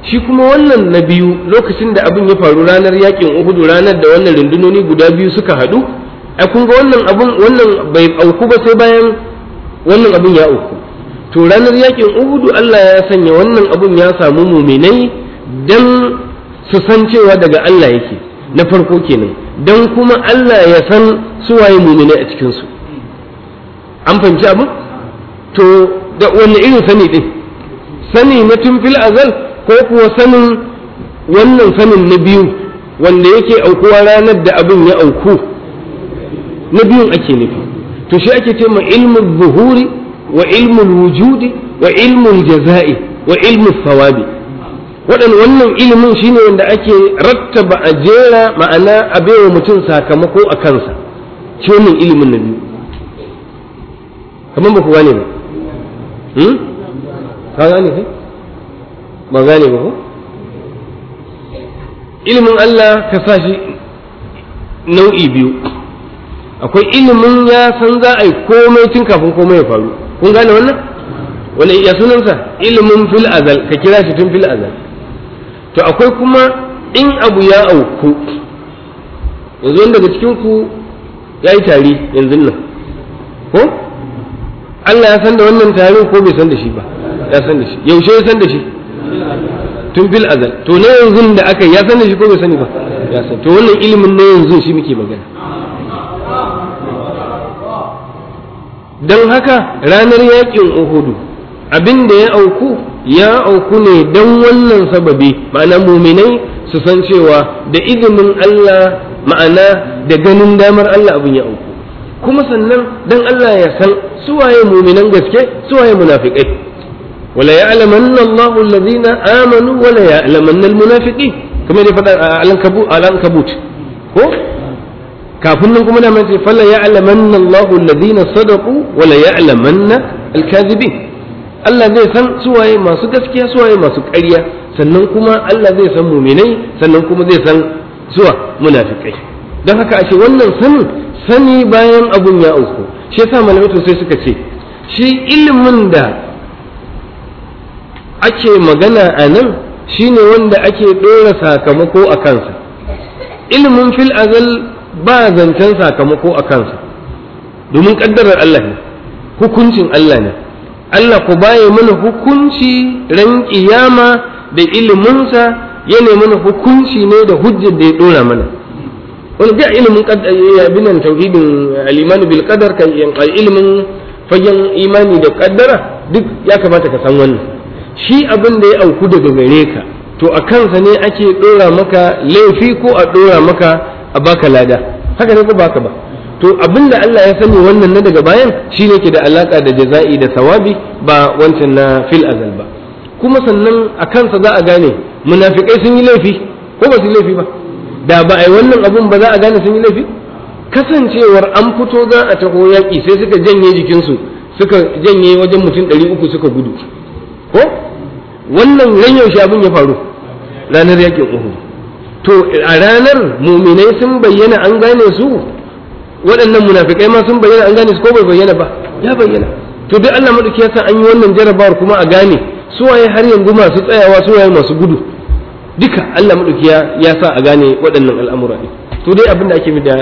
shi kuma wannan na biyu lokacin da abin ya faru ranar yakin uhudu ranar da wannan rundunoni guda biyu suka haɗu a kunga wannan abin wannan bai auku ba sai bayan wannan abun ya uku to ranar yakin uhudu Allah ya sanya wannan abun ya samu muminai dan su san cewa daga Allah yake na farko kenan dan kuma Allah ya san su waye muminai a cikin su an fahimci abu to da wani irin sani din sani na tun fil azal ko kuwa sanin wannan sanin na biyu wanda yake aukuwa ranar da abin ya auku na biyun ake nufi to shi ake ce ma ilmin zuhuri wa ilmin wujudi wa ilmin jaza'i wa ilmin sawabi waɗan wannan ilimin shine wanda ake rattaba a jera ma'ana a baiwa mutum sakamako a kansa shi wannan ilimin na biyu kamar ba ku gane ba hmm? ka gane kai ba gane ba ko ilimin Allah ka sa shi nau'i biyu akwai ilimin ya san za a yi komai tun kafin komai ya faru kun gane wannan wani ya sunansa ilimin fil azal ka kira shi tun fil azal to akwai kuma in abu ya auku yanzu wanda daga cikin ku ya yi tari yanzu nan ko Allah ya san da wannan tarin ko bai san da shi ba ya san da shi yaushe ya san da shi tun fil azal to na yanzu da aka ya san da shi ko bai sani ba ya san to wannan ilimin na yanzu shi muke magana don haka ranar yaƙin uhudu abin da ya auku ya auku ne don wannan sababi ma'ana muminai su san cewa da izinin Allah ma'ana da ganin damar Allah abin ya auku kuma sannan don Allah ya san suwaye muminan gaske suwaye munafiƙai? wala ya ya'lamanna Allah alladhina amanu wala ya ya'lamanna almunafiqin kamar da faɗa a alankabut ko kafin nan kuma na ce falla ya'lamanna Allahu alladhina sadaqu wa la ya'lamanna al Allah zai san suwaye masu gaskiya suwaye masu ƙarya sannan kuma Allah zai san muminai sannan kuma zai san suwa munafikai don haka ashe wannan san sani bayan abun ya auku shi yasa malamai sai suka ce shi ilimin da ake magana a nan shine wanda ake ɗora sakamako a kansa ilimin fil azal ba zancen sakamako a kansa domin ƙaddarar Allah ne hukuncin Allah ne Allah ku baye mana hukunci ran kiyama da iliminsa ya mana hukunci ne da hujjar da ya dora mana wani ga ilimin binan tauhidin aliman bil qadar kan ilimin fagen imani da kaddara duk ya kamata ka san wannan shi abin da ya auku daga gare ka to a kansa ne ake ɗora maka laifi ko a ɗora maka a baka lada haka ne ko baka ba to abinda Allah ya sani wannan na daga bayan shi ne ke da alaka da jaza'i da sawabi ba wancan na fil azal ba kuma sannan a kansa za a gane munafikai sun yi laifi ko ba su laifi ba da ba a yi wannan abun ba za a gane sun yi laifi kasancewar an fito za a taho yaƙi sai suka janye jikinsu suka janye wajen mutum ɗari uku suka gudu ko wannan ran yaushe abin ya faru ranar yaƙin uhu. to a ranar muminai sun bayyana an gane su waɗannan munafikai ma sun bayyana an gane su ko bai bayyana ba ya bayyana to duk Allah madauki ya san an yi wannan jarabawar kuma a gane su waye har yanzu masu tsayawa su waye masu gudu duka Allah madauki ya sa a gane waɗannan al'amura ne to dai abin da ake bi da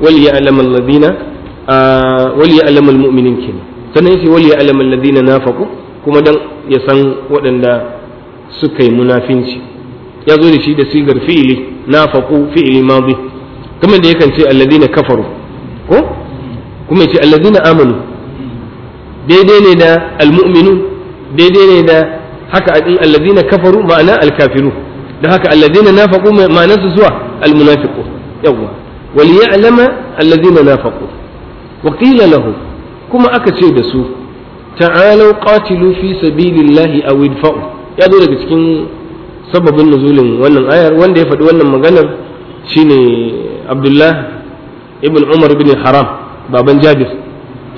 wal ya'lamu alladhina wal ya'lamu almu'minin kenan sannan yace wal ya'lamu alladhina nafaqu kuma dan ya san waɗanda suka yi munafinci ya zo da shi da sigar fi'ili na nafaqu fi'ili madi kamar da yakan ce alladina kafaru ko kuma ce alladina amanu daidai ne da almu'minu daidai ne da haka in alladina kafaru ma'ana alkafiru da haka alladina nafaqu ma'anar su zuwa almunafiqu yawwa wal ya'lama alladina nafaqu wa qila lahum kuma aka ce da su ta'alau qatilu fi sabilillahi aw idfa'u ya zo daga cikin sababin nuzulin wannan ayar wanda ya faɗi wannan maganar shine abdullah ibn umar bin haram baban jabir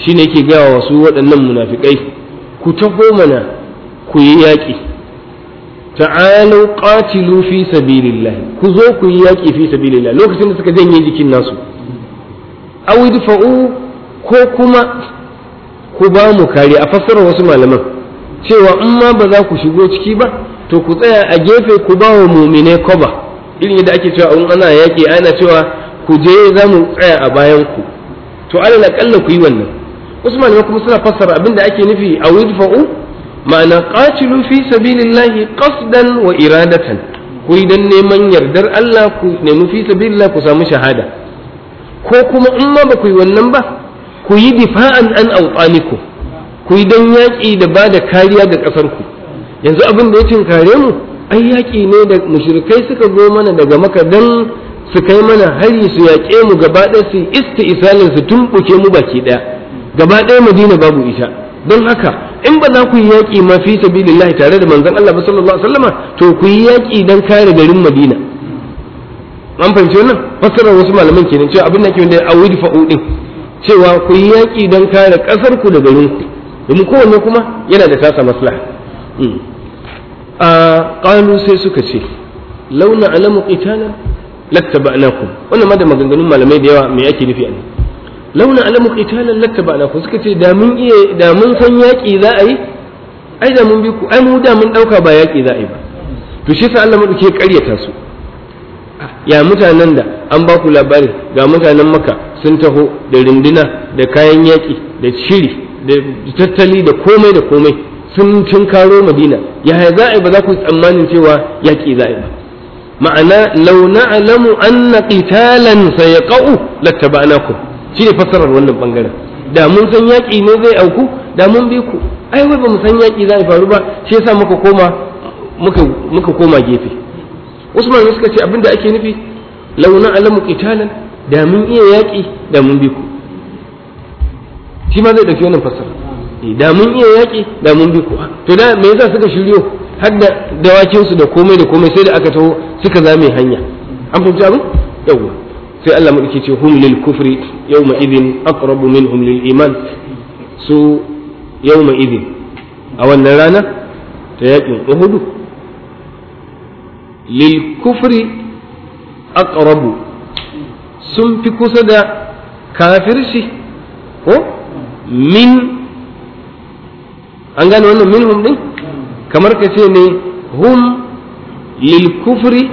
shine yake gaya wa waɗannan munafikai ku taho mana ku yi yaƙi ta'alu qatilu fi sabilillah ku zo ku yi yaƙi fi sabilillah lokacin da suka janye jikin nasu aw idfa'u ko kuma ku ba mu kariya a fassara wasu malaman cewa in ma ba za ku shigo ciki ba to ku tsaya a gefe ku ba wa mumine koba irin yadda ake cewa in ana yaƙi ana cewa ku je za mu tsaya a bayan ku to alal aqalla ku yi wannan usman ya kuma suna fassara abin da ake nufi a widfa'u ma'ana qatilu fi sabilillahi qasdan wa iradatan ku yi dan neman yardar Allah ku nemi fi sabilillah ku samu shahada ko kuma in ma ba ku yi wannan ba ku yi difa'an an awqanikum ku yi dan yaƙi da bada kariya ga ƙasarku ku yanzu abin da ya cinkare mu ai yaƙi ne da mushrikai suka zo mana daga maka dan su kai mana hari su yaƙe mu gaba ɗaya su isti isalin su tumɓuke mu baki ɗaya gaba ɗaya madina babu ita don haka in ba za ku yi yaƙi ma fi sabilillahi tare da manzon Allah ba sallallahu alaihi wasallama to ku yi yaƙi dan kare garin madina an fahimci wannan fassarar wasu malaman kenan cewa abin da ke da awid fa'u din cewa ku yi yaƙi dan kare ƙasar da garin ku domin kowanne kuma yana da tasa maslaha Mm. a ƙalu sai suka ce launa alamu qitalan ku wannan ma da maganganun malamai da yawa me ake nufi a launa alamu qitalan lattaba'nakum suka ce da mun iya da mun san yaƙi za a yi ai da mun bi ku ai mu da mun ɗauka ba yaƙi za a yi ba to shi sa Allah madauke ƙaryata su ya mutanen da an ba ku labari ga mutanen maka sun taho da rinduna da kayan yaƙi da shiri da tattali da komai da komai sun karo madina ya za a ba za ku tsammanin cewa yaƙi za a ba ma'ana law na'lamu anna qitalan sayaqa'u lattaba'nakum shine fassarar wannan bangaren da mun san yaƙi ne zai auku da mun bi ku ai wai ba mu san yaƙi za a faru ba shi yasa muka koma muka muka koma gefe Usman suka ce abinda ake nufi law na'lamu qitalan da mun iya yaƙi da mun bi ku shi ma zai dauki wannan fassara da mun iya yaƙi da mun bi kuwa to da me yasa suka shiryo har da dawakin su da komai da komai sai da aka taho suka zame hanya an fahimci abin yawwa sai Allah mu ce hum lil kufri yawma idin aqrabu minhum lil iman su yawma idin a wannan rana ta yaƙin Uhud lil kufri aqrabu sun fi kusa da kafirci ko min an gane wannan minhum din kamar ka ce ne hum lil kufri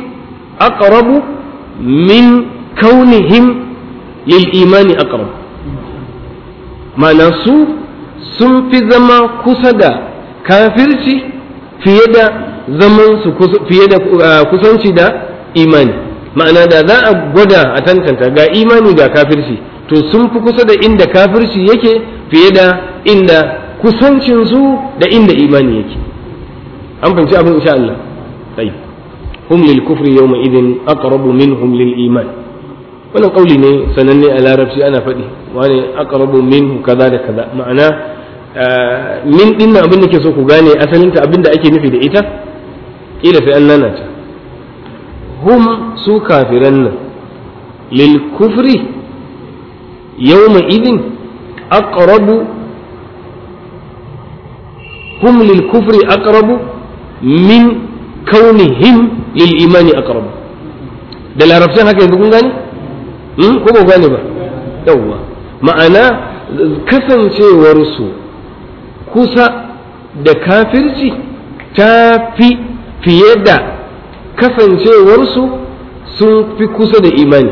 aqrabu min kaunihim lil imani aqrab ma'ana su sun fi zama kusa da kafirci fiye da zaman su fiye da uh, kusanci da imani ma'ana da za a gwada a tantanta ga imani ga kafirci to sun fi kusa da inda kafirci yake fiye da inda kusancin su da inda imani yake an fahimci abin insha Allah tayyib hum lil kufri yawma idin aqrabu minhum lil iman wannan kauli ne sananne a larabci ana faɗi wani aqrabu minhu kaza da kaza ma'ana eh, min dinnan abin da ke so ku gane asalinta abin da ake nufi da ita kila sai an nanata hum su kafiran nan lil kufri yawma idin aqrabu hum lil kufri aqrabu min kaunihim lil imani aqrabu da larabcin haka yanzu kun gane hmm? ko ba gane ba yawwa ma'ana kasancewarsu kusa da kafirci ta fi fiye da kasancewarsu sun fi kusa da imani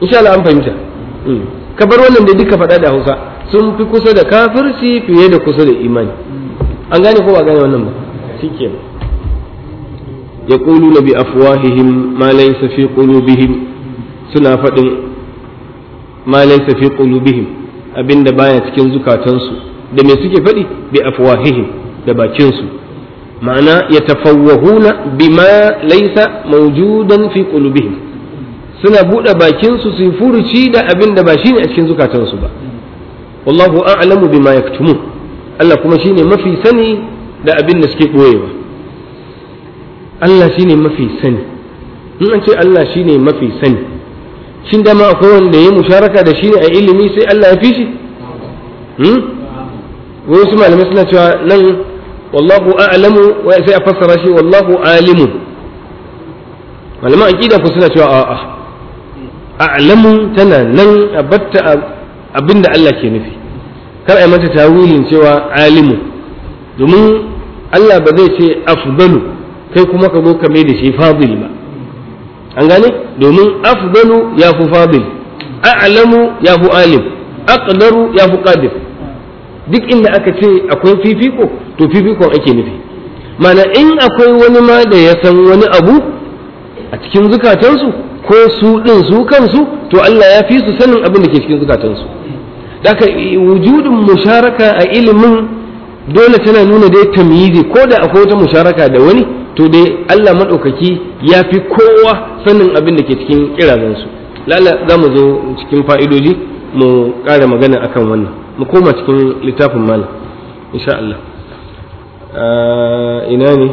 insha Allah an fahimta hmm. ka bar wannan da duka faɗa da hausa sun fi kusa da kafirci fiye da kusa da imani an gane ko ba gane wannan ba shike na bi afwahihim ma laysa fi qulubihim suna faɗin ma laysa fi qulubihim abinda baya cikin zukatansu da me suke faɗi bi afwahihim da bakinsu ma'ana yatafawwahuna bima laysa mawjudan fi qulubihim suna buɗe bakinsu su furuci da abin da ba shi ne a cikin zukatansu ba wallahu a'lamu bima yaktumun Allah kuma shine mafi sani da abin da suke ɓoyewa Allah shine mafi sani in an ce Allah shine mafi sani shin dama akwai wanda ya musharaka da shi ne a ilimi sai Allah ya fi shi hmm? wai wasu malamai suna cewa nan wallahu a'lamu sai a fassara shi wallahu alimu malaman aqida ku suna cewa a'a a'lamu tana nan a batta abinda Allah ke nufi kar a mata tawilin cewa alimu domin Allah ba zai ce afdalu kai kuma ka zo ka mai da shi fadil ba an gane domin afdalu ya fi fadil a'lamu ya fi alim aqdaru ya fi qadir duk inda aka ce akwai fifiko to fifikon ake nufi mana in akwai wani ma da ya san wani abu a cikin zukatansu ko su ɗin su kansu to Allah ya fi su sanin abin da ke cikin zukatansu daga wujudin musharaka a ilimin dole tana nuna dai tamyizi ko da akwai wata musharaka da wani to dai Allah maɗaukaki ya fi kowa sanin abin da ke cikin kirazansu lala za mu zo cikin fa'idoji mu ƙara magana akan wannan mu koma cikin littafin malam insha Allah ina ne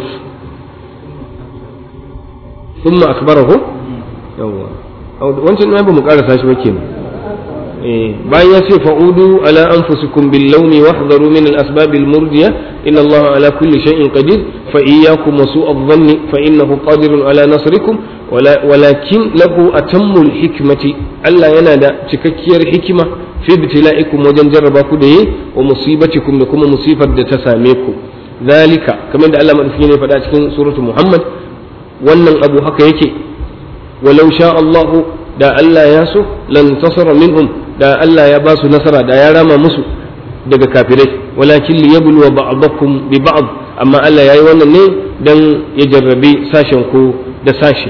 Kuma أخبره yawa wancan ma ba mu karasa shi ba kenan Eh, bayan ya ce fa'udu ala anfusikum bil launi wahdharu min al asbab al murdiya inna Allah ala kulli shay'in qadir fa iyyakum wa su'a dhanni fa innahu qadirun ala nasrikum walakin lahu atammu al hikmati Allah yana da cikakkiyar hikima fi ibtila'ikum wajen jarraba ku da yi wa musibatikum da kuma musifar da ta same ku zalika kamar da Allah madaukakin ne faɗa cikin suratu Muhammad wannan abu haka yake walau sha Allahu da Allah ya so lan minhum da Allah ya ba su nasara da ya rama musu daga kafirai walakin li yabluwa ba'dakum bi ba'd amma Allah yayi wannan ne dan ya jarrabi sashen ku da sashi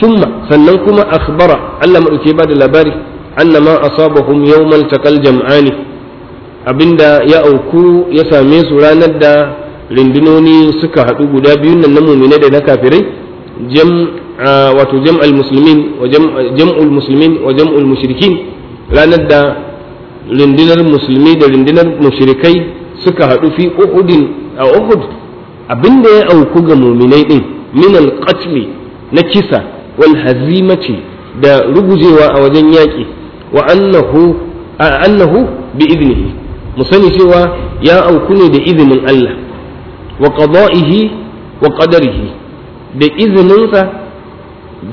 summa sannan kuma akhbara Allah madauke ba da labari annama asabahum yawmal taqal jam'ani abinda ya auku ya same su ranar da rindunoni suka haɗu guda biyun nan na mumine da na kafirai jam wato jam'al muslimin wa jam'ul muslimin wa jam'ul mushrikin ranar da rundunar musulmi da rundunar mushrikai suka haɗu fi uhudin a uhud abinda ya auku ga muminai ɗin, min alƙatli na kisa wal hazimati da rugujewa a wajen yaƙi wa annahu annahu bi idnihi mu cewa ya auku ne da izinin Allah wa qada'ihi wa qadarihi da izininsa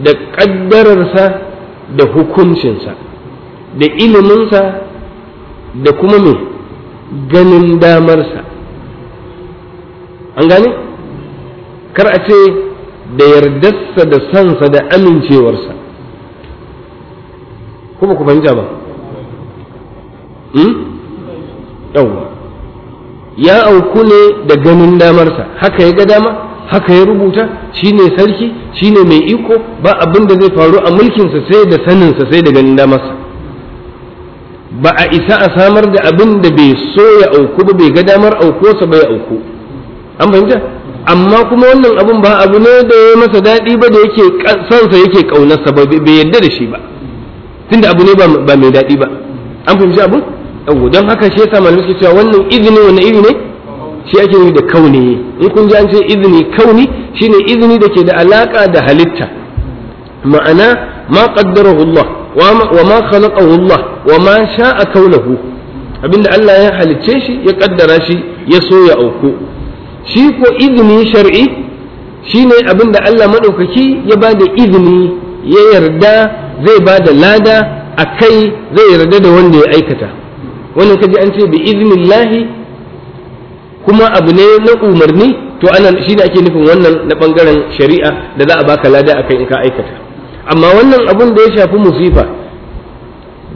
da ƙaddararsa da hukuncinsa da iliminsa da kuma me ganin damarsa an gane kar a ce da yardarsa da sansa da amincewarsa kuma ku fahimta ba hmm? yawwa ya auku ne da ganin damarsa haka ya ga dama haka ya rubuta shi ne sarki shi ne mai iko ba abin da zai faru a mulkinsa sai da saninsa sai da ganin damarsa ba a isa a samar da abin da bai so ya auku ba bai ga damar auku ba ya auku an fahimta amma kuma wannan abin ba abu ne da ya masa daɗi ba da yake sansa yake ƙaunarsa ba bai yadda da shi ba tunda abu ne ba mai daɗi ba an fahimci abin yau don haka shi yasa malamai suke cewa wannan izini wannan iri ne shi ake yi da kauni in kun ji an ce izini kauni shine izini da ke da alaka da halitta ma'ana ma qaddarahu Allah wa ma khalaqahu Allah wa ma sha'a kaunahu abinda Allah ya halicce shi ya ƙaddara shi ya so ya auku shi ko izini shar'i shine abinda Allah maɗaukaki ya ba da izini ya yarda zai ba da lada a kai zai yarda da wanda ya aikata wannan kaji an ce bi iznillahi kuma abu ne na umarni to anan shine ake nufin wannan na bangaren shari'a da za a baka lada akai in ka aikata amma wannan abin da ya shafi musifa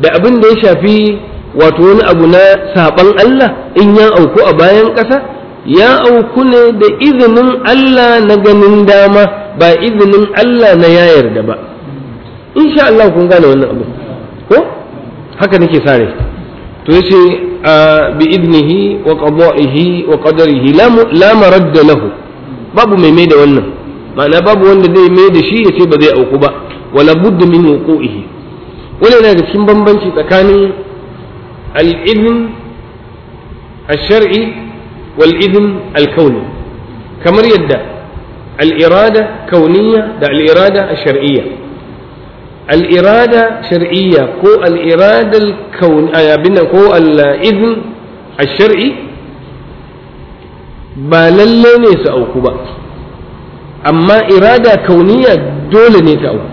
da abin da ya shafi wato wani abu na saban Allah in ya auku a bayan ƙasa ya auku ne da izinin Allah na ganin dama ba izinin Allah na ya yarda ba insha Allah kun gane wannan abu ko haka nake sare to yace bi idnihi wa qada'ihi wa qadarihi la maradda lahu babu mai mai da wannan ma'ana babu wanda zai mai da shi ya ba zai auku ba wala budda min wuqu'ihi wani yana da cikin bambanci tsakanin al-idn al-shar'i wal idn al-kauni kamar yadda al-irada kauniyya da al-irada al-shar'iyya al-irada shar'iyya ko al-irada al-kauni abin ko al-idn al-shar'i ba lalle ne su auku ba amma irada kauniya dole ne ta auku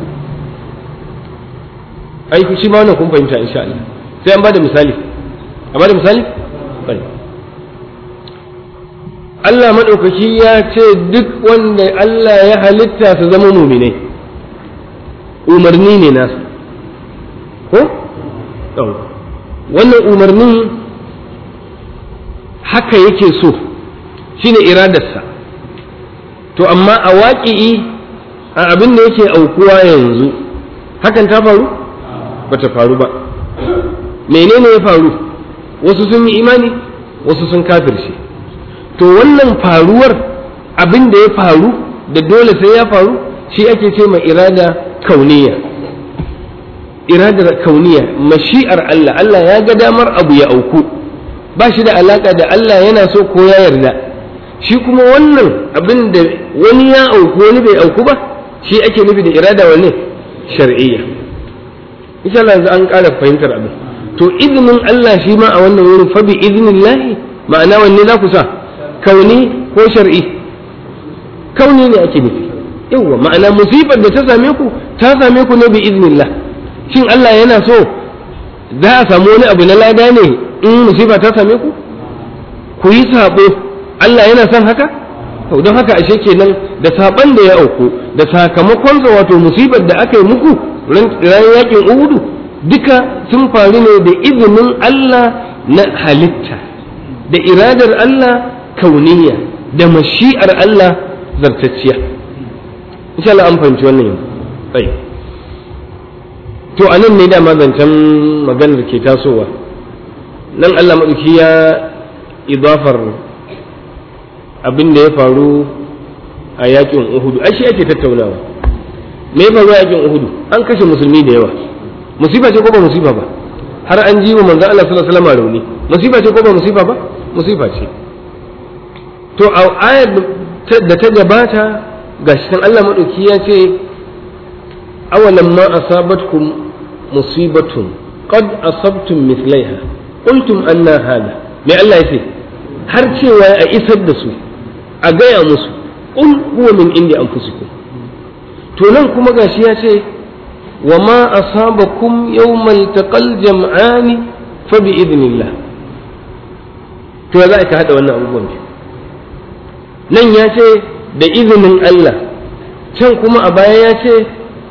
ai shi ma wannan kun fahimta insha Allah sai an bada misali a bada misali bari Allah madaukaki ya ce duk wanda Allah ya halitta su zama muminai umarni ne nasu ko wannan umarni haka yake so shine iradarsa to amma a waƙi'i a abin da yake aukuwa yanzu hakan ta faru bata faru ba menene ya faru wasu sun yi imani wasu sun kafirce to wannan faruwar abin da ya faru da dole sai ya faru shi ake ce ma irada kauniya iradar kauniya mashi'ar Allah Allah ya ga damar abu ya auku ba shi da alaka da Allah yana so ko ya yarda shi kuma wannan abin da wani ya auku wani bai auku ba shi ake nufi da irada wani shar'iyya insha Allah yanzu an ƙara fahimtar abin to izinin Allah shi ma a wannan wurin fa bi iznillahi ma'ana wanne za ku sa kauni ko shar'i kauni ne ake nufi yawwa ma'ana musibar da ta same ku ta same ku ne bi iznillah shin Allah yana so za a samu wani abu na lada ne in musiba ta same ku ku yi sabo Allah yana son haka to don haka ashe kenan da saban da ya auku da sakamakon sa wato musibar da aka yi muku ran yakin uhudu duka sun faru ne da izinin Allah na halitta da iradar Allah kauniya da mashi'ar Allah zartacciya insha Allah an fahimci wannan yau tsaye to anan ne dama zancen maganar ke tasowa nan Allah maɗauki ya idafar abin da ya faru a yakin uhudu ai shi ake tattaunawa me ya faru a yakin uhudu an kashe musulmi da yawa musiba ce ko ba musiba ba har an ji wa manzo Allah sallallahu alaihi wasallam rauni musiba ce ko ba musiba ba musiba ce to a ayar da ta gabata gashi kan Allah madauki ya ce awalan ma asabatkum musibatun qad asabtum mithlaiha qultum anna hada me Allah ya ce har cewa a isar da su a gaya musu qul huwa min indi fusiku to nan kuma gashi ya ce wa ma asabakum yawmal taqal jam'ani fa bi idnillah to za ka hada wannan abubuwan nan ya ce da izinin Allah can kuma a baya ya ce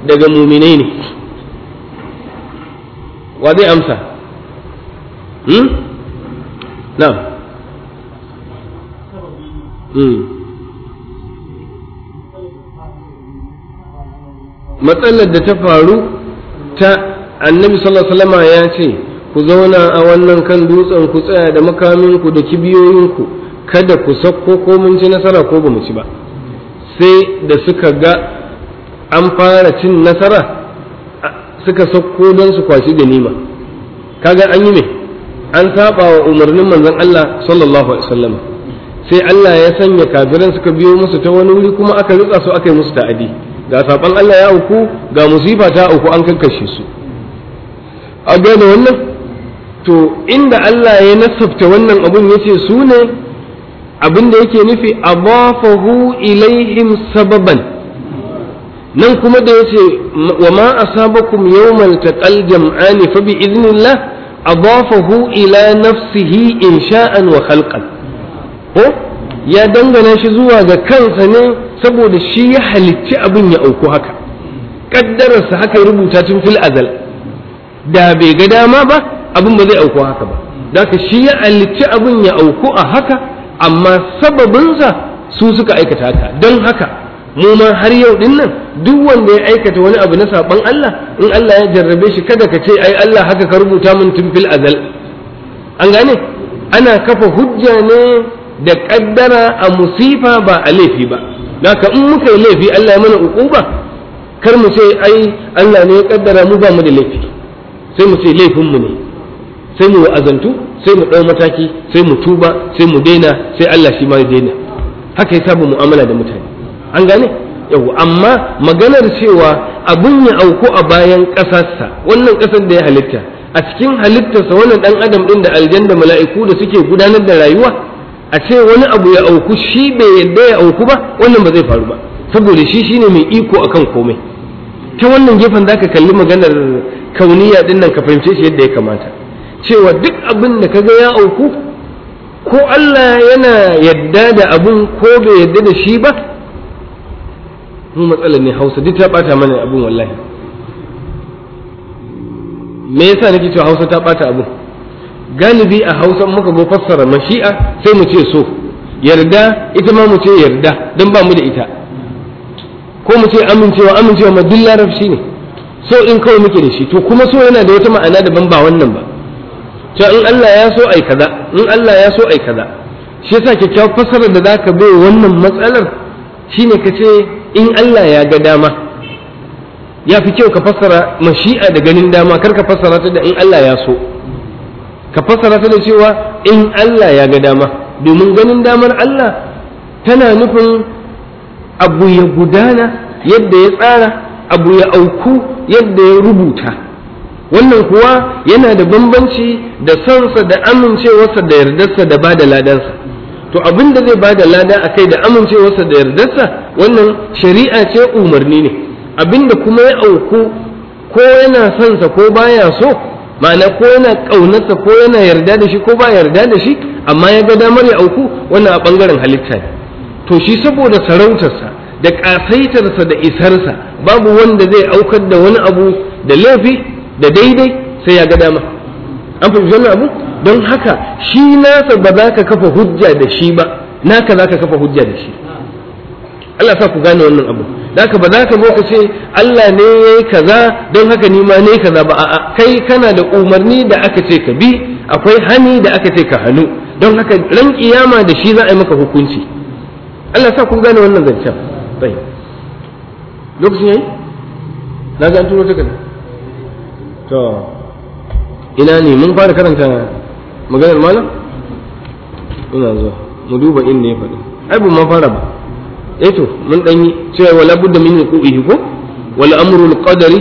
daga muminai ne wa zai amsa hmm? na'am matsalar da ta faru ta annabi sallallahu alaihi ya ce ku zauna a wannan kan dutsen ku tsaya da makaminku da kibiyoyinku kada ku sakko ko mun ci nasara ko ba mu ci ba sai da suka ga an fara cin nasara suka sakko don su kwashi ganima kaga an yi me an saba wa umarnin manzon Allah sallallahu alaihi wasallam sai Allah ya sanya kafiran suka biyo musu ta wani wuri kuma aka rutsa su aka yi musu ta'adi ga saban Allah ya auku ga musifa ta auku an kankashe su a gane wannan to inda Allah ya nasabta wannan abun yace su ne abin da yake nufi abafahu ilaihim sababan nan kuma da yace wa ma asabakum yawmal taqal jam'ani fa bi idnillah adafahu ila nafsihi insha'an wa khalqan ko ya dangana shi zuwa ga kansa ne saboda shi ya halicci abin ya auku haka Ƙaddararsa haka ya rubuta tun fil azal da bai ga dama ba abin ba zai auku haka ba da shi ya halicci abin ya auku a haka amma sababinsa su suka aikata haka don haka mu ma har yau din nan duk wanda ya aikata wani abu na saban Allah in Allah ya jarrabe shi kada ka ce ai Allah haka ka rubuta min tun fil azal an gane ana kafa hujja ne da kaddara a musifa ba a laifi ba naka in muka yi laifi Allah ya mana uquba kar mu ce ai Allah ne ya kaddara mu ba mu da laifi sai mu ce laifin mu ne sai mu azantu sai mu dau mataki sai mu tuba sai mu daina sai Allah shi ma ya daina haka ya saba mu'amala da mutane an gane yau amma maganar cewa abun ya auku a bayan ƙasarsa wannan ƙasar da ya halitta a cikin halittarsa wannan ɗan adam ɗin da aljanna mala'iku da suke gudanar da rayuwa a ce wani abu ya auku shi bai yadda ya auku ba wannan ba zai faru ba saboda shi shine mai iko akan komai ta wannan gefen zaka kalli maganar kauniya din nan ka fahimce shi yadda ya kamata cewa duk abin da kaga ya auku ko Allah yana yadda da abin ko bai yadda da shi ba mu matsalar ne Hausa duk ta bata mana abun wallahi me yasa nake cewa Hausa ta bata abin galibi a hausa muka go fassara mashi'a sai mu ce so yarda ita ma mu ce yarda don ba mu da ita ko mu ce amincewa amincewa ma duk larabci ne so in kawai muke da shi to kuma so yana da wata ma'ana daban ba wannan ba to in Allah ya so ai kaza in Allah ya so ai kaza shi yasa kyakkyawar fassarar da zaka bai wannan matsalar shine ka ce in Allah ya ga dama ya fi kyau ka fassara mashi'a da ganin dama kar ka fassara ta da in Allah ya so ka fassara ta da cewa in Allah ya ga dama domin ganin damar Allah tana nufin abu ya gudana yadda ya tsara abu ya auku yadda ya rubuta wannan kuwa yana da bambanci da sansa da amincewarsa da yardarsa da ba da ladarsa to abin da zai ba da lada a kai da amincewarsa da yardarsa wannan shari'a ce umarni ne abin da kuma ya auku ko yana sansa ko baya so ma'ana ko yana ƙaunarsa ko yana yarda da shi ko ba yarda da shi amma ya ga damar ya auku wannan a ɓangaren halitta ne to shi saboda sarautarsa da ƙasaitarsa da isarsa babu wanda zai aukar da wani abu da laifi da daidai sai ya ga dama an fi wannan abu don haka shi nasa ba za ka kafa hujja da shi ba naka za ka kafa hujja da shi Allah sa ku gane wannan abu da ka ba za ka zo ka ce Allah ne ya yi kaza don haka ni ma ne kaza ba a'a kai kana da umarni da aka ce ka bi akwai hani da aka ce ka hannu don haka ran kiyama da shi za a yi maka hukunci Allah sa ku gane wannan zancen bai lokacin yayi na ga an turo ta kada to ina ne mun fara karanta maganar malam ina zuwa mu duba inda ya faɗi ai ba mun fara ba eh to mun dan yi cewa wala budda min uqubihi ko wal amru al qadari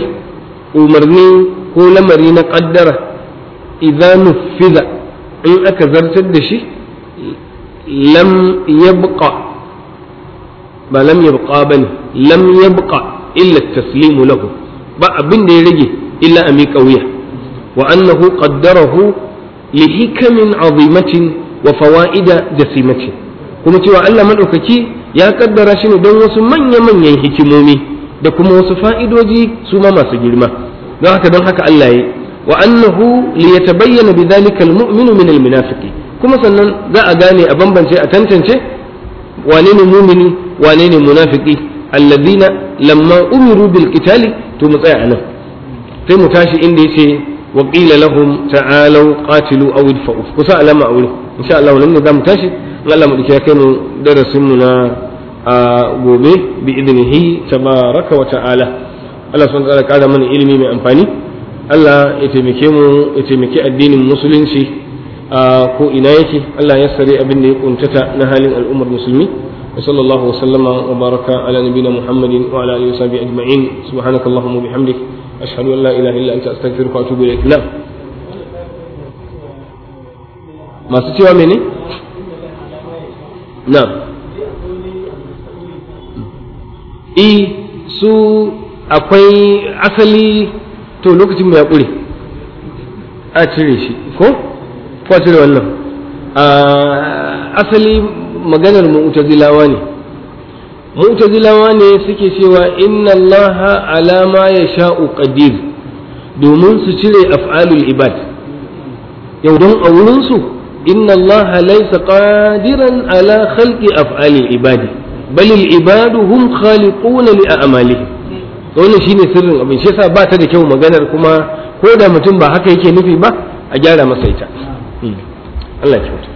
umarni ko lamari na qaddara idza nufiza in aka zartar da shi lam yabqa ba lam yabqa bane lam yabqa illa taslimu lahu ba abin da ya rage illa a miƙa wuya wa annahu qaddarahu li hikamin azimatin wa fawa'ida jasimatin kuma cewa Allah madaukaki ya kaddara shi ne don wasu manya-manyan hikimomi da kuma wasu fa'idoji su ma masu girma don haka don haka Allah ya wa annahu li yatabayyana bidhalika almu'minu min almunafiqi kuma sannan za a gane a bambance a tantance wane ne mumini wane ne munafiki alladhina lamma umiru bil qitali to mu tsaya anan sai mu tashi inda yace wa qila lahum ta'alu qatilu aw idfa'u kusa alama a insha Allah nan ne za mu tashi Allah mu dake kai mu darasin mu na gobe bi idnihi tabaraka wa ta'ala Allah subhanahu wa ta'ala kada mana ilimi mai amfani Allah ya taimake mu ya taimake addinin musulunci a ko ina yake Allah ya sare abin da ya kuntata na halin al'ummar musulmi وصلى الله وسلم وبارك على نبينا محمد وعلى اله وصحبه اجمعين سبحانك اللهم وبحمدك اشهد ان لا اله الا انت استغفرك واتوب اليك نعم ما ستيوا مني na i e, su akwai asali to lokacin mu ya ƙure a cire shi ko a cire wannan asali maganar mu'tazilawa ne mu'tazilawa ne suke cewa inna allaha ala ma yasha'u qadir domin su cire af'alul ibad yau don a wurinsu inna allaha laysa qadiran ala khalqi af'ali ibadi bal al ibadu hum khaliquna li a'malihim to wannan shine sirrin abin shi yasa ba da kyau maganar kuma ko da mutum ba haka yake nufi ba a gyara masa ita hmm.